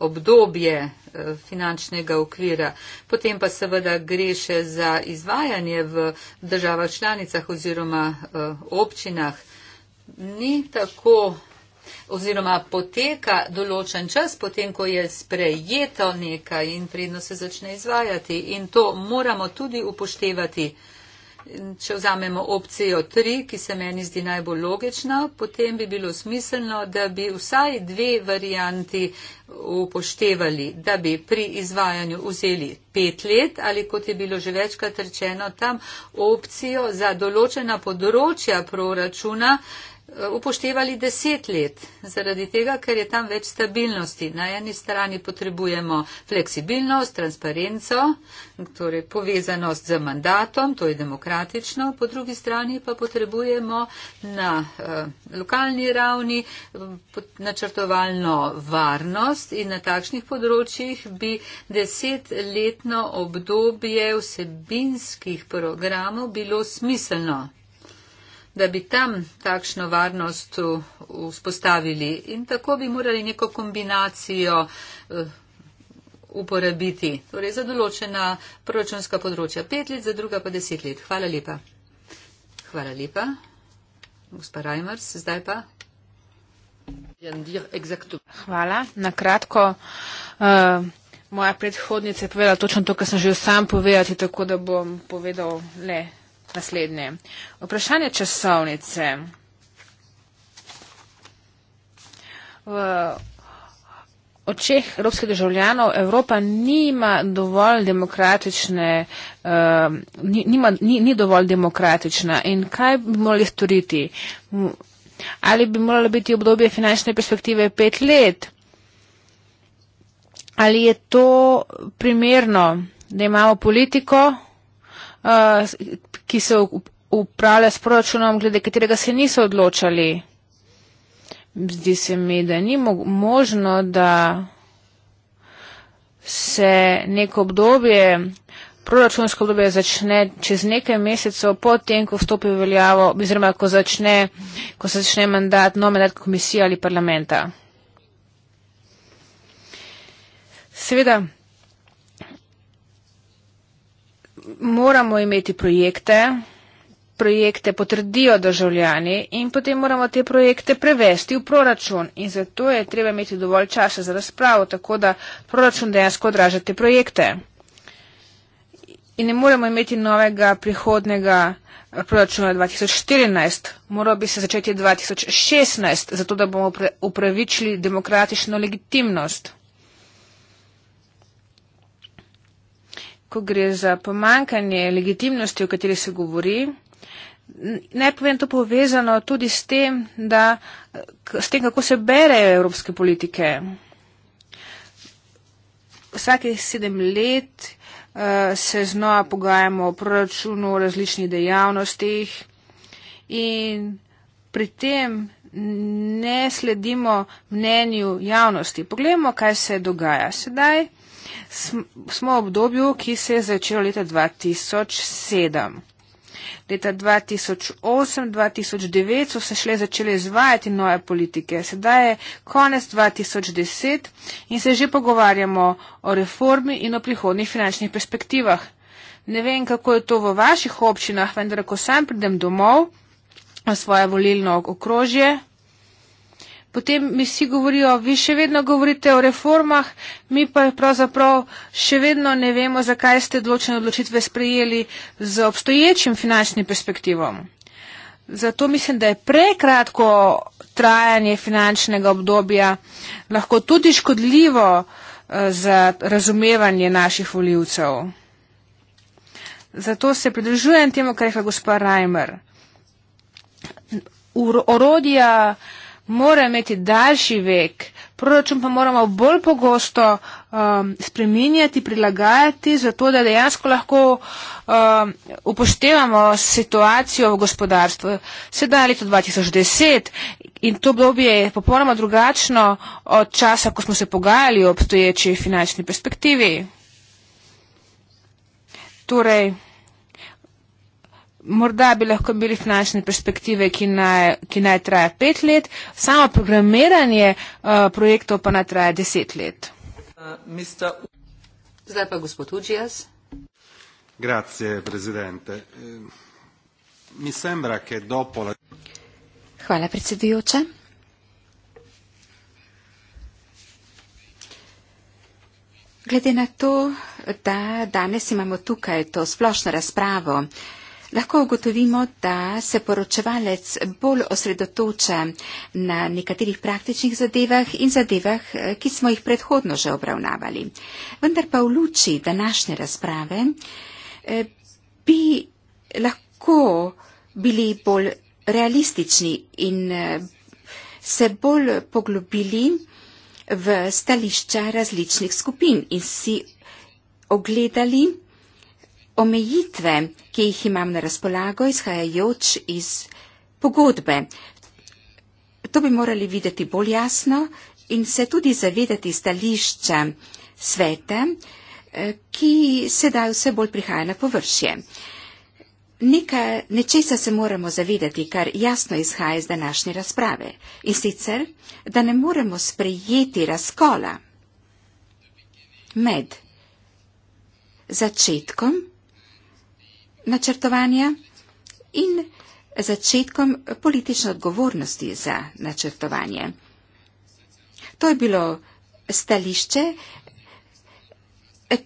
obdobje eh, finančnega okvira. Potem pa seveda gre še za izvajanje v državah članicah oziroma občinah. Ni tako oziroma poteka določen čas, potem ko je sprejeto nekaj in predno se začne izvajati. In to moramo tudi upoštevati. Če vzamemo opcijo 3, ki se meni zdi najbolj logična, potem bi bilo smiselno, da bi vsaj dve varianti upoštevali, da bi pri izvajanju vzeli pet let ali kot je bilo že večkrat rečeno, tam opcijo za določena področja proračuna, upoštevali deset let, zaradi tega, ker je tam več stabilnosti. Na eni strani potrebujemo fleksibilnost, transparenco, torej povezanost z mandatom, to je demokratično, po drugi strani pa potrebujemo na eh, lokalni ravni eh, načrtovalno varnost in na takšnih področjih bi desetletno obdobje vsebinskih programov bilo smiselno da bi tam takšno varnost vzpostavili. In tako bi morali neko kombinacijo eh, uporabiti. Torej za določena proračunska področja pet let, za druga pa deset let. Hvala lepa. Hvala lepa. Gospa Reimers, zdaj pa. Hvala. Na kratko, uh, moja predhodnica je povedala točno to, kar sem želel sam povedati, tako da bom povedal le naslednje. Vprašanje časovnice. V očeh evropskih državljanov Evropa nima dovolj demokratične, uh, nima, ni, ni dovolj demokratična in kaj bi morali storiti? Ali bi moralo biti obdobje finančne perspektive pet let? Ali je to primerno, da imamo politiko? ki se upravlja s proračunom, glede katerega se niso odločali. Zdi se mi, da ni možno, da se neko obdobje, proračunsko obdobje začne čez nekaj mesecev po tem, ko vstopi v veljavo, oziroma ko, začne, ko se začne mandat, no mandat komisije ali parlamenta. Seveda, moramo imeti projekte, projekte potrdijo državljani in potem moramo te projekte prevesti v proračun. In zato je treba imeti dovolj časa za razpravo, tako da proračun dejansko odraža te projekte. In ne moremo imeti novega prihodnega eh, proračuna 2014, moral bi se začeti 2016, zato da bomo upravičili demokratično legitimnost. ko gre za pomankanje legitimnosti, o kateri se govori. Najprej je to povezano tudi s tem, da, s tem, kako se berejo evropske politike. Vsake sedem let uh, se znova pogajamo o proračunu, o različnih dejavnostih in pri tem ne sledimo mnenju javnosti. Poglejmo, kaj se dogaja sedaj smo v obdobju, ki se je začelo leta 2007. Leta 2008-2009 so se šele začele izvajati nove politike. Sedaj je konec 2010 in se že pogovarjamo o reformi in o prihodnih finančnih perspektivah. Ne vem, kako je to v vaših občinah, vendar, ko sam pridem domov, v svoje volilno okrožje, potem mi vsi govorijo, vi še vedno govorite o reformah, mi pa pravzaprav še vedno ne vemo, zakaj ste določene odločitve sprejeli z obstoječim finančnim perspektivom. Zato mislim, da je prekratko trajanje finančnega obdobja lahko tudi škodljivo eh, za razumevanje naših voljivcev. Zato se pridružujem temu, kar je rekla gospa Reimer. Orodja, uh, mora imeti daljši vek, proračun pa moramo bolj pogosto um, spreminjati, prilagajati, zato da dejansko lahko um, upoštevamo situacijo v gospodarstvu. Sedaj je leto 2010 in to obdobje je popolnoma drugačno od časa, ko smo se pogajali o obstoječi finančni perspektivi. Torej, morda bi lahko bili finančne perspektive, ki naj, ki naj traja pet let, samo programiranje uh, projektov pa naj traja deset let. Zdaj pa gospod Uđijas. Grazie, prezidente. Mi sembra, da je dopola. Hvala, predsedujoče. Glede na to, da danes imamo tukaj to splošno razpravo, Lahko ugotovimo, da se poročevalec bolj osredotoča na nekaterih praktičnih zadevah in zadevah, eh, ki smo jih predhodno že obravnavali. Vendar pa v luči današnje razprave eh, bi lahko bili bolj realistični in eh, se bolj poglobili v stališča različnih skupin in si ogledali, omejitve, ki jih imam na razpolago, izhajajoč iz pogodbe. To bi morali videti bolj jasno in se tudi zavedati stališča sveta, eh, ki sedaj vse bolj prihaja na površje. Nekaj nečesa se moramo zavedati, kar jasno izhaja iz današnje razprave. In sicer, da ne moremo sprejeti razkola med začetkom načrtovanja in začetkom politične odgovornosti za načrtovanje. To je bilo stališče,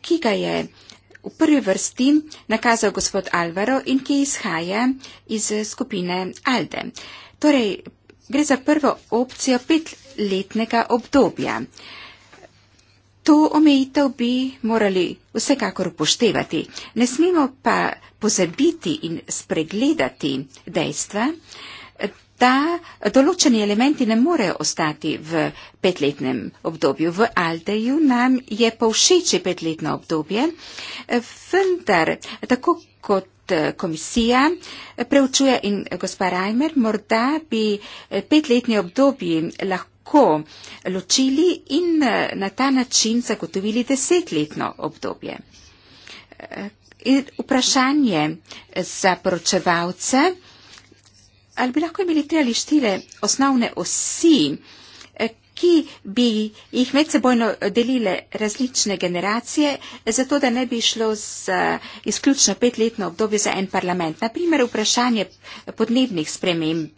ki ga je v prvi vrsti nakazal gospod Alvaro in ki izhaja iz skupine Alde. Torej, gre za prvo opcijo petletnega obdobja. Uh, To omejitev bi morali vsekakor upoštevati. Ne smemo pa pozabiti in spregledati dejstva, da določeni elementi ne morejo ostati v petletnem obdobju. V Aldeju nam je pa všeči petletno obdobje, vendar tako kot eh, komisija preučuje in gospa Reimer, morda bi petletni obdobji lahko lahko ločili in eh, na ta način zagotovili desetletno obdobje. Eh, in vprašanje eh, za poročevalce, ali bi lahko imeli tri ali štiri osnovne osi, ki bi jih medsebojno delile različne generacije, zato da ne bi šlo z izključno petletno obdobje za en parlament. Naprimer, vprašanje podnebnih sprememb,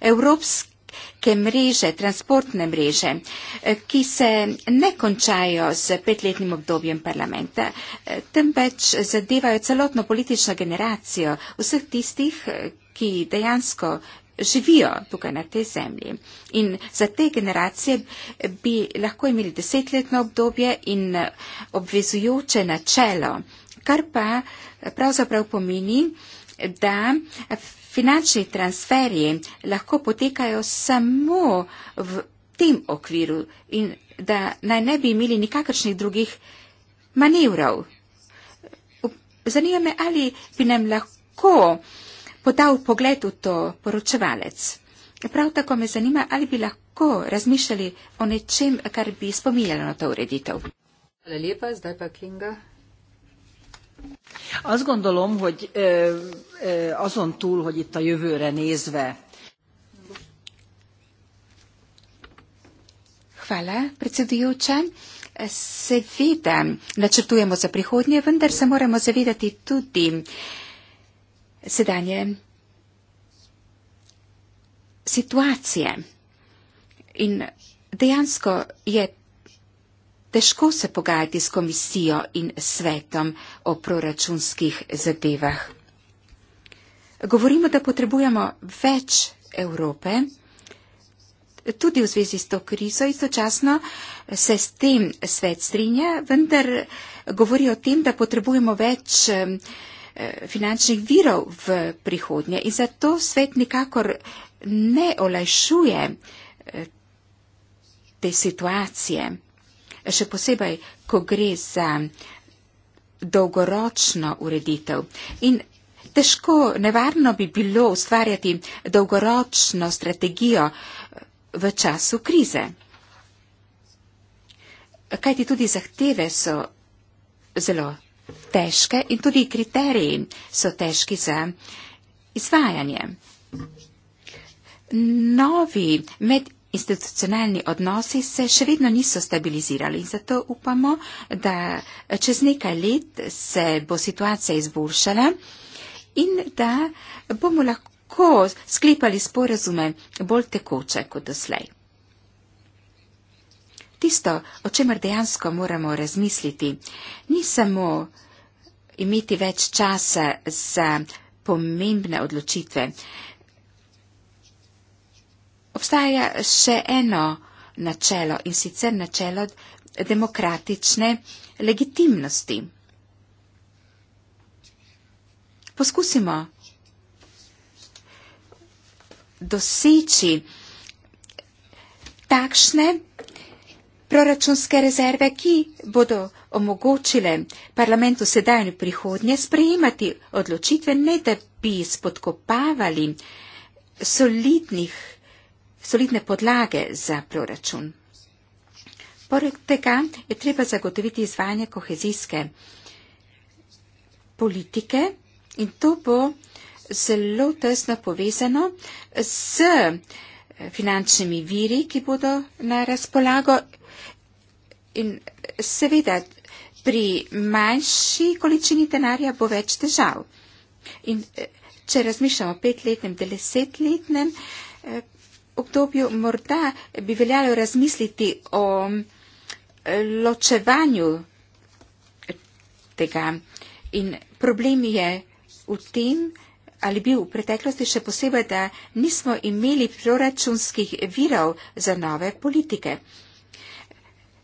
evropski velike mreže, transportne mreže, eh, ki se ne končajo z petletnim obdobjem parlamenta, eh, temveč zadevajo celotno politično generacijo vseh tistih, eh, ki dejansko živijo tukaj na tej zemlji. In za te generacije bi lahko imeli desetletno obdobje in obvezujoče načelo, kar pa pravzaprav pomeni, da finančni transferji lahko potekajo samo v tem okviru in da naj ne bi imeli nikakršnih drugih manevrov. Zanima me, ali bi nam lahko podal pogled v to poročevalec. Prav tako me zanima, ali bi lahko razmišljali o nečem, kar bi spominjalo na to ureditev. Hvala lepa, zdaj pa Kinga. Azt gondolom, hogy azon túl, hogy itt a jövőre nézve. Hvala, predsedujoča. Seveda, načrtujemo za prihodnje, vendar se moramo zavedati tudi sedanje situacije. In dejansko je težko se pogajati s komisijo in svetom o proračunskih zadevah. Govorimo, da potrebujemo več Evrope, tudi v zvezi s to krizo istočasno se s tem svet strinja, vendar govori o tem, da potrebujemo več eh, finančnih virov v prihodnje in zato svet nikakor ne olajšuje eh, te situacije še posebej, ko gre za dolgoročno ureditev. In težko, nevarno bi bilo ustvarjati dolgoročno strategijo eh, v času krize. Kaj ti tudi zahteve so zelo težke in tudi kriteriji so težki za izvajanje. Novi med institucionalni odnosi se še vedno niso stabilizirali in zato upamo, da čez nekaj let se bo situacija izboljšala in da bomo lahko sklepali sporazume bolj tekoče kot doslej. Tisto, o čemer dejansko moramo razmisliti, ni samo imeti več časa za pomembne odločitve, obstaja še eno načelo in sicer načelo demokratične legitimnosti. Poskusimo doseči takšne proračunske rezerve, ki bodo omogočile parlamentu sedaj in prihodnje sprejemati odločitve, ne da bi spodkopavali solidnih solidne podlage za proračun. Poleg tega je treba zagotoviti izvajanje kohezijske politike in to bo zelo tesno povezano z eh, finančnimi viri, ki bodo na razpolago. In seveda, pri manjši količini denarja bo več težav. In eh, če razmišljamo o petletnem, desetletnem eh, obdobju morda bi veljalo razmisliti o eh, ločevanju tega. In problem je v tem, ali bi v preteklosti še posebej, da nismo imeli proračunskih virov za nove politike.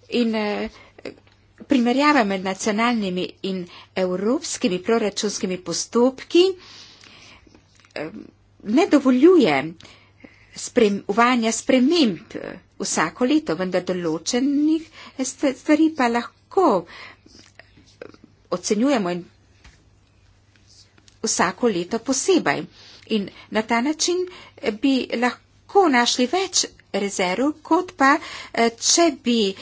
In eh, primerjava med nacionalnimi in evropskimi proračunskimi postopki eh, ne dovoljuje, sprem, uvanja sprememb eh, vsako leto, vendar določenih eh, stvari pa lahko eh, ocenjujemo in vsako leto posebej. In na ta način bi lahko našli več rezerv, kot pa če bi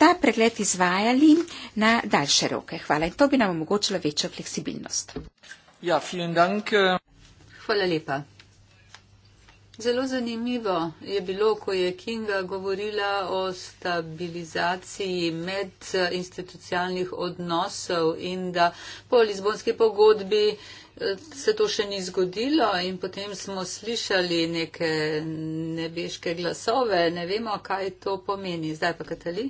ta pregled izvajali na daljše roke. Hvala in to bi nam omogočilo večjo fleksibilnost. Ja, Hvala lepa. Zelo zanimivo je bilo, ko je Kinga govorila o stabilizaciji medinstitucionalnih odnosov in da po Lizbonski pogodbi eh, se to še ni zgodilo in potem smo slišali neke nebeške glasove, ne vemo, kaj to pomeni. Zdaj pa Katali.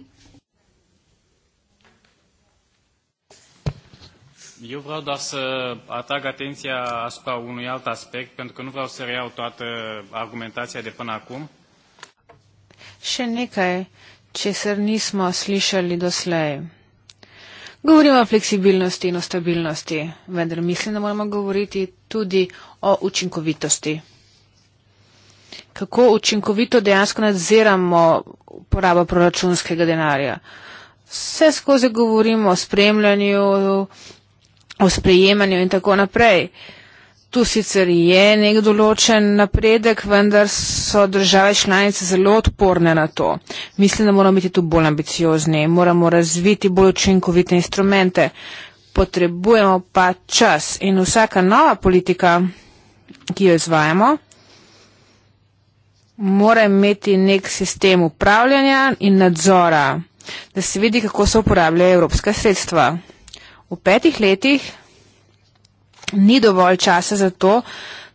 Eu vreau doar să atrag atenția asupra unui alt aspect, pentru că nu vreau să reiau toată argumentația de până acum. Și nicăi ce sărnismă slișă lidoslei. Govorimo o fleksibilnosti in o stabilnosti, vendar mislim, da moramo govoriti tudi o učinkovitosti. Kako učinkovito dejansko nadziramo uporabo proračunskega denarja. Vse skozi govorimo o spremljanju, o sprejemanju in tako naprej. Tu sicer je nek določen napredek, vendar so države članice zelo odporne na to. Mislim, da moramo biti tu bolj ambiciozni, moramo razviti bolj učinkovite instrumente. Potrebujemo pa čas in vsaka nova politika, ki jo izvajamo, mora imeti nek sistem upravljanja in nadzora, da se vidi, kako se uporabljajo evropska sredstva v petih letih ni dovolj časa za to,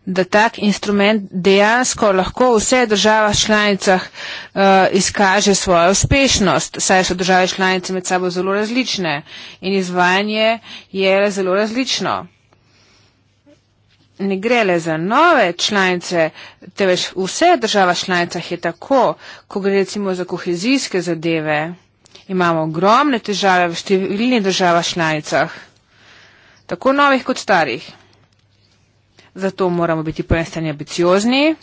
da tak instrument dejansko lahko v vse državah članicah uh, izkaže svojo uspešnost, saj so države članice med sabo zelo različne in izvajanje je zelo različno. Ne gre le za nove članice, teveč v vse država članicah je tako, ko gre recimo za kohezijske zadeve imamo ogromne težave v številnih državah članicah, tako novih kot starih. Zato moramo biti po eni strani ambiciozni,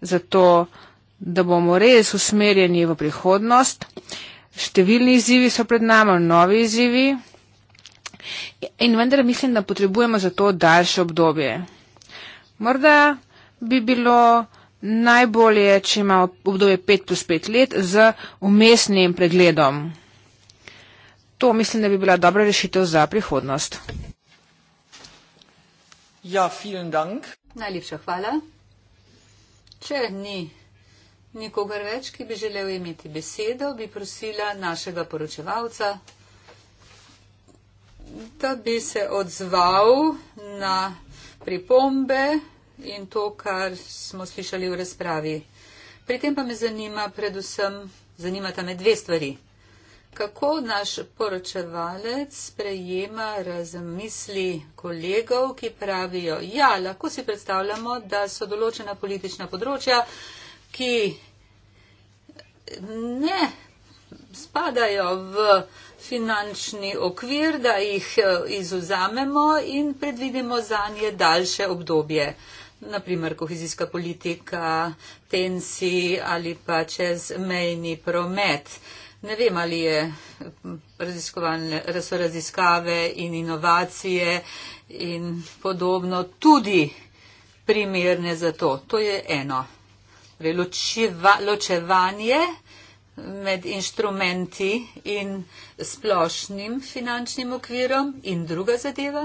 zato da bomo res usmerjeni v prihodnost. Številni izzivi so pred nami, novi izzivi. In vendar mislim, da potrebujemo za to daljše obdobje. Morda bi bilo najbolje, če ima obdobje 5 plus 5 let z umestnim pregledom. To mislim, da bi bila dobra rešitev za prihodnost. Ja, dank. Najlepša hvala. Če ni nikogar več, ki bi želel imeti besedo, bi prosila našega poročevalca, da bi se odzval na pripombe in to, kar smo slišali v razpravi. Pri tem pa me zanima predvsem, zanimata me dve stvari. Kako naš poročevalec sprejema razmisli kolegov, ki pravijo, ja, lahko si predstavljamo, da so določena politična področja, ki ne spadajo v finančni okvir, da jih eh, izuzamemo in predvidimo za nje daljše obdobje naprimer kohezijska politika, tensi ali pa čezmejni promet. Ne vem, ali je raziskovalne, so raziskave in inovacije in podobno tudi primerne za to. To je eno. Torej, Ločeva, ločevanje med inštrumenti in splošnim finančnim okvirom in druga zadeva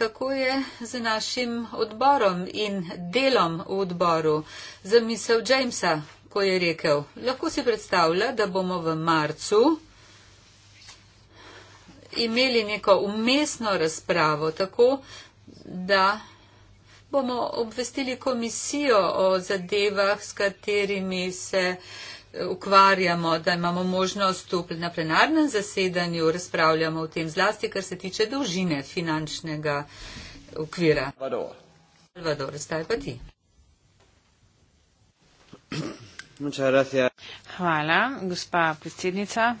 kako je z našim odborom in delom v odboru za misel Jamesa, ko je rekel, lahko si predstavlja, da bomo v marcu imeli neko umestno razpravo, tako da bomo obvestili komisijo o zadevah, s katerimi se ukvarjamo, da imamo možnost vstopiti na plenarnem zasedanju, razpravljamo o tem zlasti, kar se tiče dolžine finančnega okvira. Salvador, zdaj pa ti. Hvala, gospa predsednica.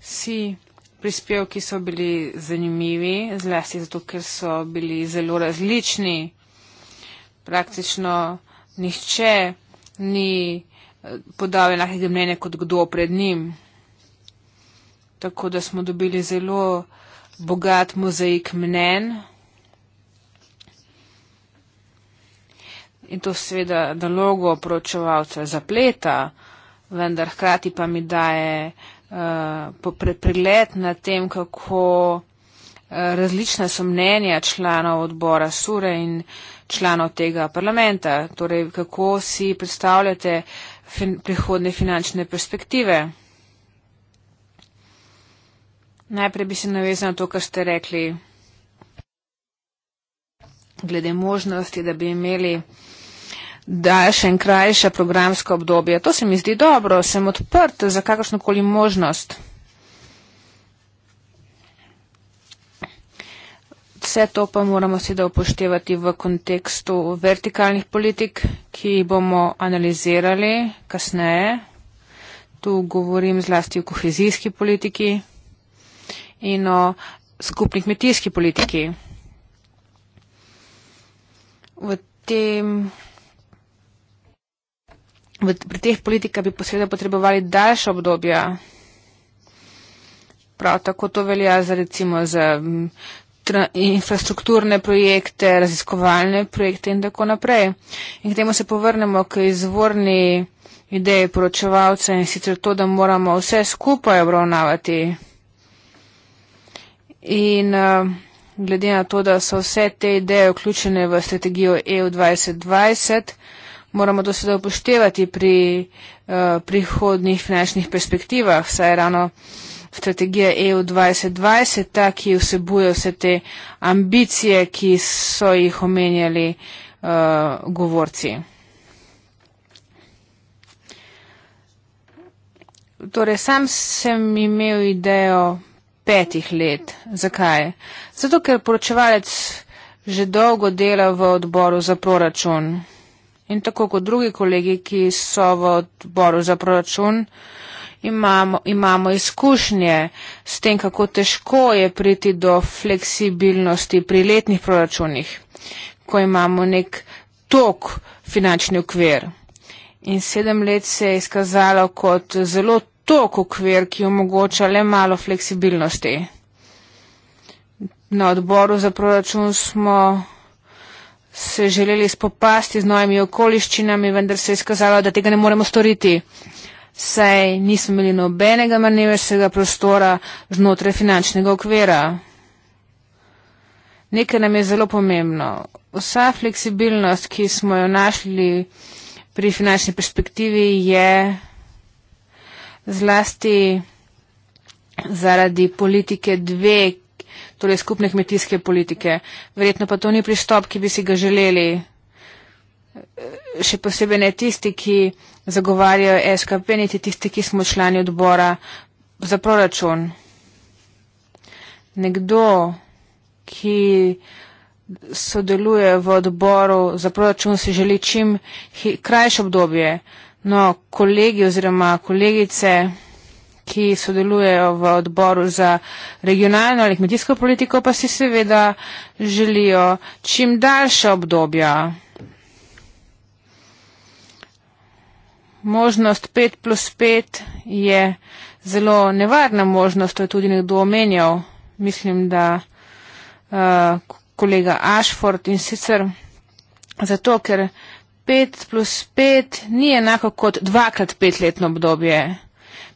Vsi prispevki so bili zanimivi, zlasti zato, ker so bili zelo različni. Praktično nihče ni eh, podal enakega mnenja kot kdo pred njim. Tako da smo dobili zelo bogat mozaik mnen. In to seveda nalogo proučevalca zapleta, vendar hkrati pa mi daje uh, pregled na tem, kako uh, različna so mnenja članov odbora Sure in uh, članov tega parlamenta. Torej, kako si predstavljate fin prihodne finančne perspektive? Najprej bi se navezal na to, kar ste rekli glede možnosti, da bi imeli daljše in krajše programsko obdobje. To se mi zdi dobro, sem odprt za kakršnokoli možnost. vse to pa moramo seveda upoštevati v kontekstu vertikalnih politik, ki jih bomo analizirali kasneje. Tu govorim zlasti o kohezijski politiki in o skupni kmetijski politiki. V tem, v, pri teh politikah bi posebej potrebovali daljša obdobja. Prav tako to velja za recimo za infrastrukturne projekte, raziskovalne projekte in tako naprej. In k temu se povrnemo k izvorni ideji poročevalca in sicer to, da moramo vse skupaj obravnavati. In uh, glede na to, da so vse te ideje vključene v strategijo EU 2020, moramo to seveda upoštevati pri uh, eh, prihodnih finančnih perspektivah, saj ravno uh, strategija EU 2020, ta, ki vsebuje vse te ambicije, ki so jih omenjali uh, govorci. Torej, sam sem imel idejo petih let. Zakaj? Zato, ker poročevalec že dolgo dela v odboru za proračun. In tako kot drugi kolegi, ki so v odboru za proračun, uh, imamo, imamo izkušnje s tem, kako težko je priti do fleksibilnosti pri letnih proračunih, ko imamo nek tok finančni okvir. In sedem let se je izkazalo kot zelo tok okvir, ki omogoča le malo fleksibilnosti. Na odboru za proračun smo se želeli spopasti z novimi okoliščinami, vendar se je izkazalo, da tega ne moremo storiti saj nismo imeli nobenega manevrskega prostora znotraj finančnega okvira. Nekaj nam je zelo pomembno. Vsa fleksibilnost, ki smo jo našli pri finančni perspektivi, je zlasti zaradi politike dve, torej skupne kmetijske politike. Verjetno pa to ni pristop, ki bi si ga želeli še posebej ne tisti, ki zagovarjajo SKP, niti tisti, ki smo člani odbora za proračun. Nekdo, ki sodeluje v odboru za proračun, si želi čim krajše obdobje. No, kolegi oziroma kolegice, ki sodelujejo v odboru za regionalno ali kmetijsko politiko, pa si seveda želijo čim daljše obdobje. možnost 5 plus 5 je zelo nevarna možnost, to je tudi nekdo omenjal, mislim, da uh, kolega Ashford in sicer zato, ker 5 plus 5 ni enako kot dvakrat petletno obdobje.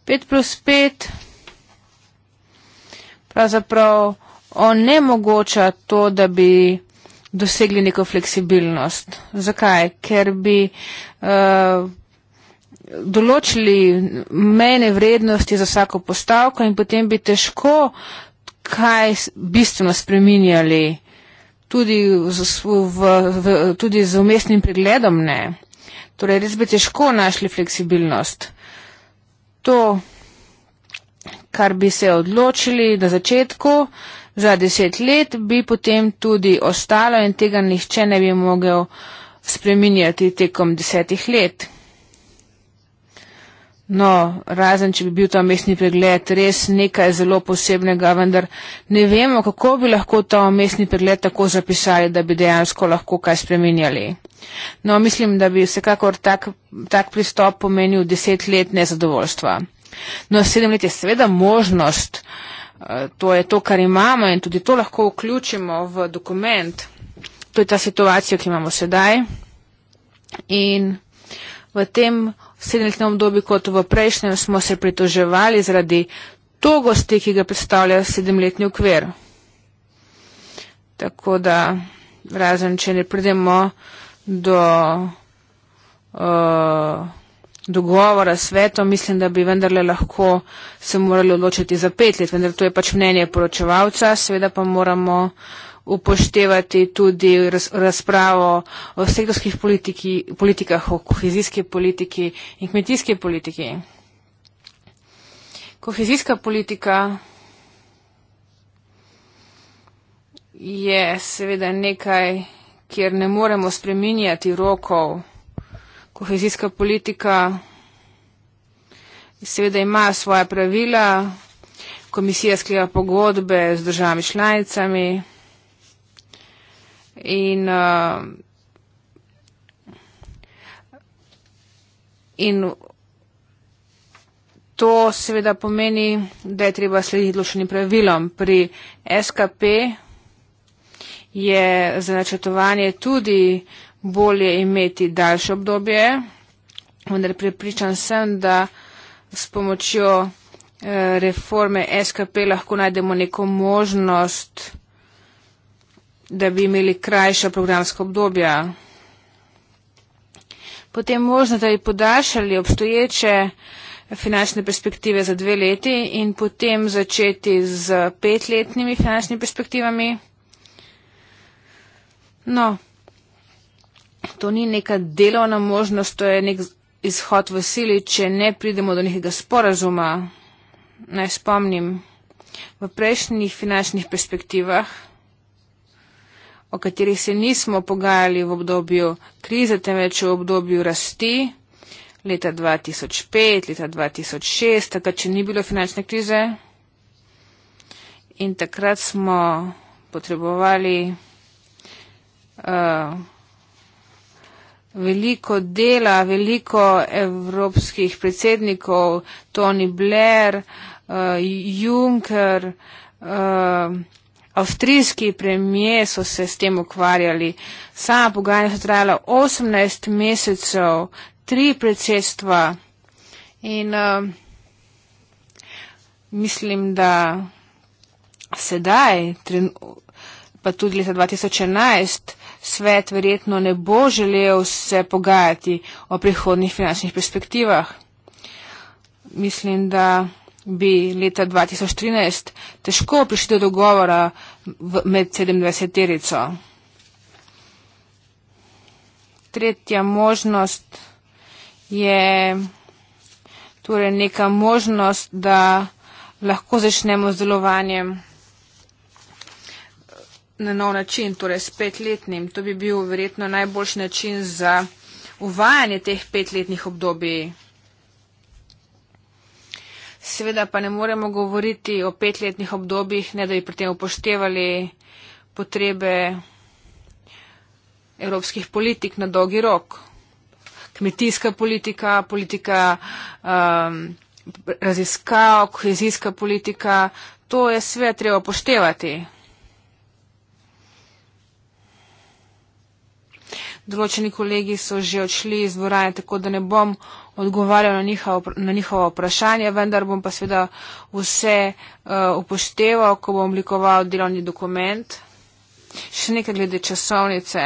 5 plus 5 pravzaprav onemogoča to, da bi dosegli neko fleksibilnost. Zakaj? Ker bi uh, določili mene vrednosti za vsako postavko in potem bi težko kaj bistveno spreminjali, tudi z, v, v, tudi z umestnim pregledom ne. Torej, res bi težko našli fleksibilnost. To, kar bi se odločili na začetku za deset let, bi potem tudi ostalo in tega nihče ne bi mogel spreminjati tekom desetih let. No, razen, če bi bil ta mestni pregled res nekaj zelo posebnega, vendar ne vemo, kako bi lahko ta mestni pregled tako zapisali, da bi dejansko lahko kaj spremenjali. No, mislim, da bi vsekakor tak, tak pristop pomenil deset let nezadovoljstva. No, sedem let je seveda možnost, eh, to je to, kar imamo in tudi to lahko vključimo v dokument. To je ta situacija, ki imamo sedaj. In v tem v sedemletnem obdobju kot v prejšnjem smo se pritoževali zaradi togosti, ki ga predstavlja sedemletni ukver. Tako da razen, če ne pridemo do uh, dogovora s svetom, mislim, da bi vendarle lahko se morali odločiti za pet let, vendar to je pač mnenje poročevalca, seveda pa moramo uh, upoštevati tudi raz, razpravo o sektorskih politiki, politikah, o kohezijski politiki in kmetijski politiki. Kohezijska politika je seveda nekaj, kjer ne moremo spreminjati rokov. Kohezijska politika seveda ima svoje pravila, komisija skleva pogodbe z državami članicami in, uh, in to seveda pomeni, da je treba slediti lošenim pravilom. Pri SKP je za načrtovanje tudi bolje imeti daljše obdobje, vendar prepričan sem, da s pomočjo eh, reforme SKP lahko najdemo neko možnost, da bi imeli krajša programska obdobja. Potem možno, da bi podaljšali obstoječe finančne perspektive za dve leti in potem začeti z petletnimi finančnimi perspektivami. No, to ni neka delovna možnost, to je nek izhod v sili, če ne pridemo do nekega sporazuma. Naj spomnim, v prejšnjih finančnih perspektivah o katerih se nismo pogajali v obdobju krize, temveč v obdobju rasti leta 2005, leta 2006, takrat, če ni bilo finančne krize. In takrat smo potrebovali uh, veliko dela, veliko evropskih predsednikov, Tony Blair, uh, Juncker, uh, Avstrijski premije so se s tem ukvarjali. Sama pogajanja so trajala 18 mesecev, tri predsedstva in uh, mislim, da sedaj, pa tudi leta 2011, svet verjetno ne bo želel se pogajati o prihodnih finančnih perspektivah. Mislim, da bi leta 2013 težko prišli do dogovora med 27-terico. Tretja možnost je torej neka možnost, da lahko začnemo z delovanjem na nov način, torej s petletnim. To bi bil verjetno najboljši način za uvajanje teh petletnih obdobij. Seveda pa ne moremo govoriti o petletnih obdobjih, ne da bi pri tem upoštevali potrebe evropskih politik na dolgi rok. Kmetijska politika, politika um, raziskav, kohezijska politika, to je sve treba upoštevati. Določeni kolegi so že odšli iz dvorane, tako da ne bom odgovarjal na, njihov, na njihovo vprašanje, vendar bom pa seveda vse uh, upošteval, ko bom oblikoval delovni dokument. Še nekaj glede časovnice,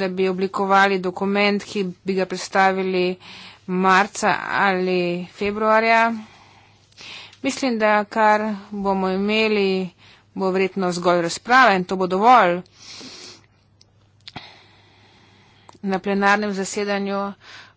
da bi oblikovali dokument, ki bi ga predstavili marca ali februarja. Mislim, da kar bomo imeli, bo verjetno zgolj razprave in to bo dovolj na plenarnem zasedanju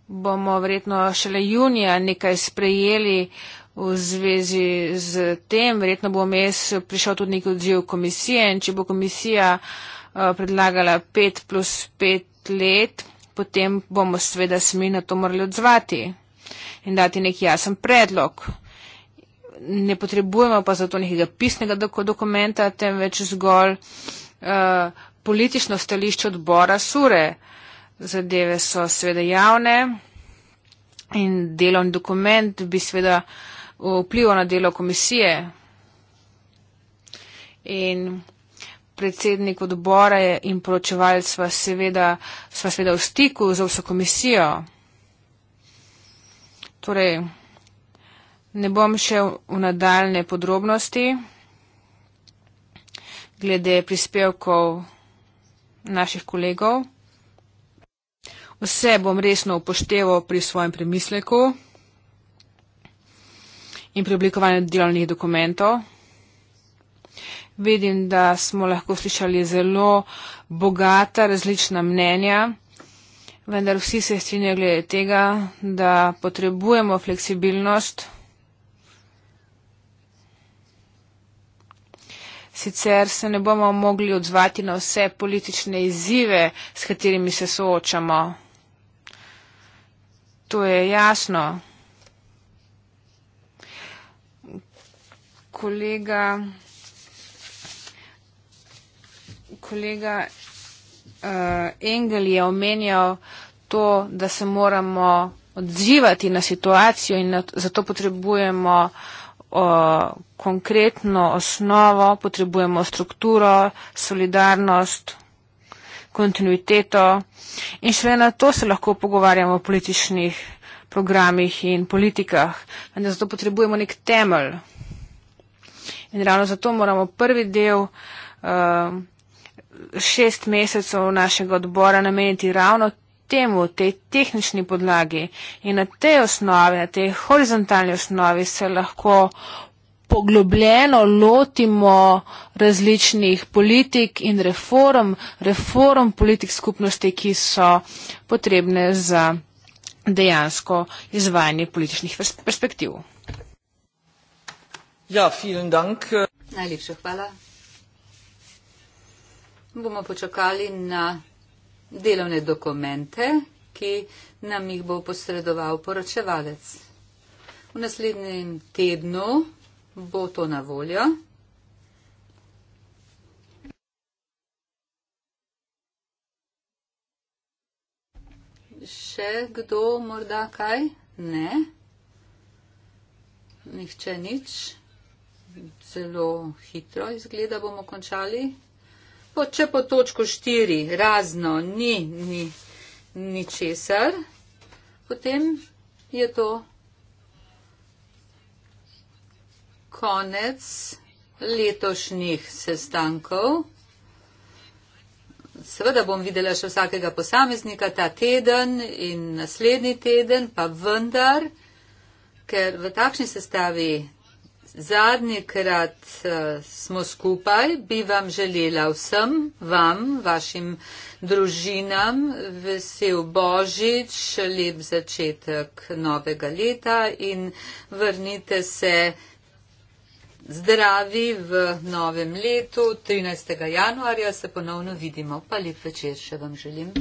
bomo verjetno šele junija nekaj sprejeli v zvezi z tem. Verjetno bo mes prišel tudi nek odziv komisije in če bo komisija eh, predlagala 5 plus 5 let, potem bomo seveda smi na to morali odzvati in dati nek jasen predlog. Ne potrebujemo pa zato nekega pisnega dokumenta, temveč zgolj uh, politično stališče odbora Sure. Uh, zadeve so sveda javne in delovni dokument bi sveda vplival na delo komisije. In predsednik odbora in poročevalj sva seveda, sva seveda v stiku z vso komisijo. Torej, ne bom šel v nadaljne podrobnosti glede prispevkov naših kolegov vse bom resno upošteval pri svojem premisleku in pri oblikovanju delovnih dokumentov. Vidim, da smo lahko slišali zelo bogata različna mnenja, vendar vsi se strinjajo glede tega, da potrebujemo fleksibilnost. Sicer se ne bomo mogli odzvati na vse politične izzive, s katerimi se soočamo. To je jasno. Kolega, kolega uh, Engel je omenjal to, da se moramo odzivati na situacijo in na, zato potrebujemo uh, konkretno osnovo, potrebujemo strukturo, solidarnost kontinuiteto in šele na to se lahko pogovarjamo o političnih programih in politikah. In zato potrebujemo nek temelj. In ravno zato moramo prvi del uh, šest mesecev našega odbora nameniti ravno temu, tej tehnični podlagi. In na tej osnovi, na tej horizontalni osnovi se lahko poglobljeno lotimo različnih politik in reform, reform politik skupnosti, ki so potrebne za dejansko izvajanje političnih perspektiv. Ja, vielen dank. Najlepša hvala. Bomo počakali na delovne dokumente, ki nam jih bo posredoval poročevalec. V naslednjem tednu bo to na voljo. Še kdo morda kaj? Ne. Nihče nič. Zelo hitro izgleda bomo končali. Po, če po točko štiri razno ni, ni ničesar, potem je to konec letošnjih sestankov. Seveda bom videla še vsakega posameznika ta teden in naslednji teden, pa vendar, ker v takšni sestavi zadnji krat eh, smo skupaj, bi vam želela vsem, vam, vašim družinam, vesel božič, lep začetek novega leta in vrnite se zdravi v novem letu, 13. januarja se ponovno vidimo, pa lep večer še vam želim.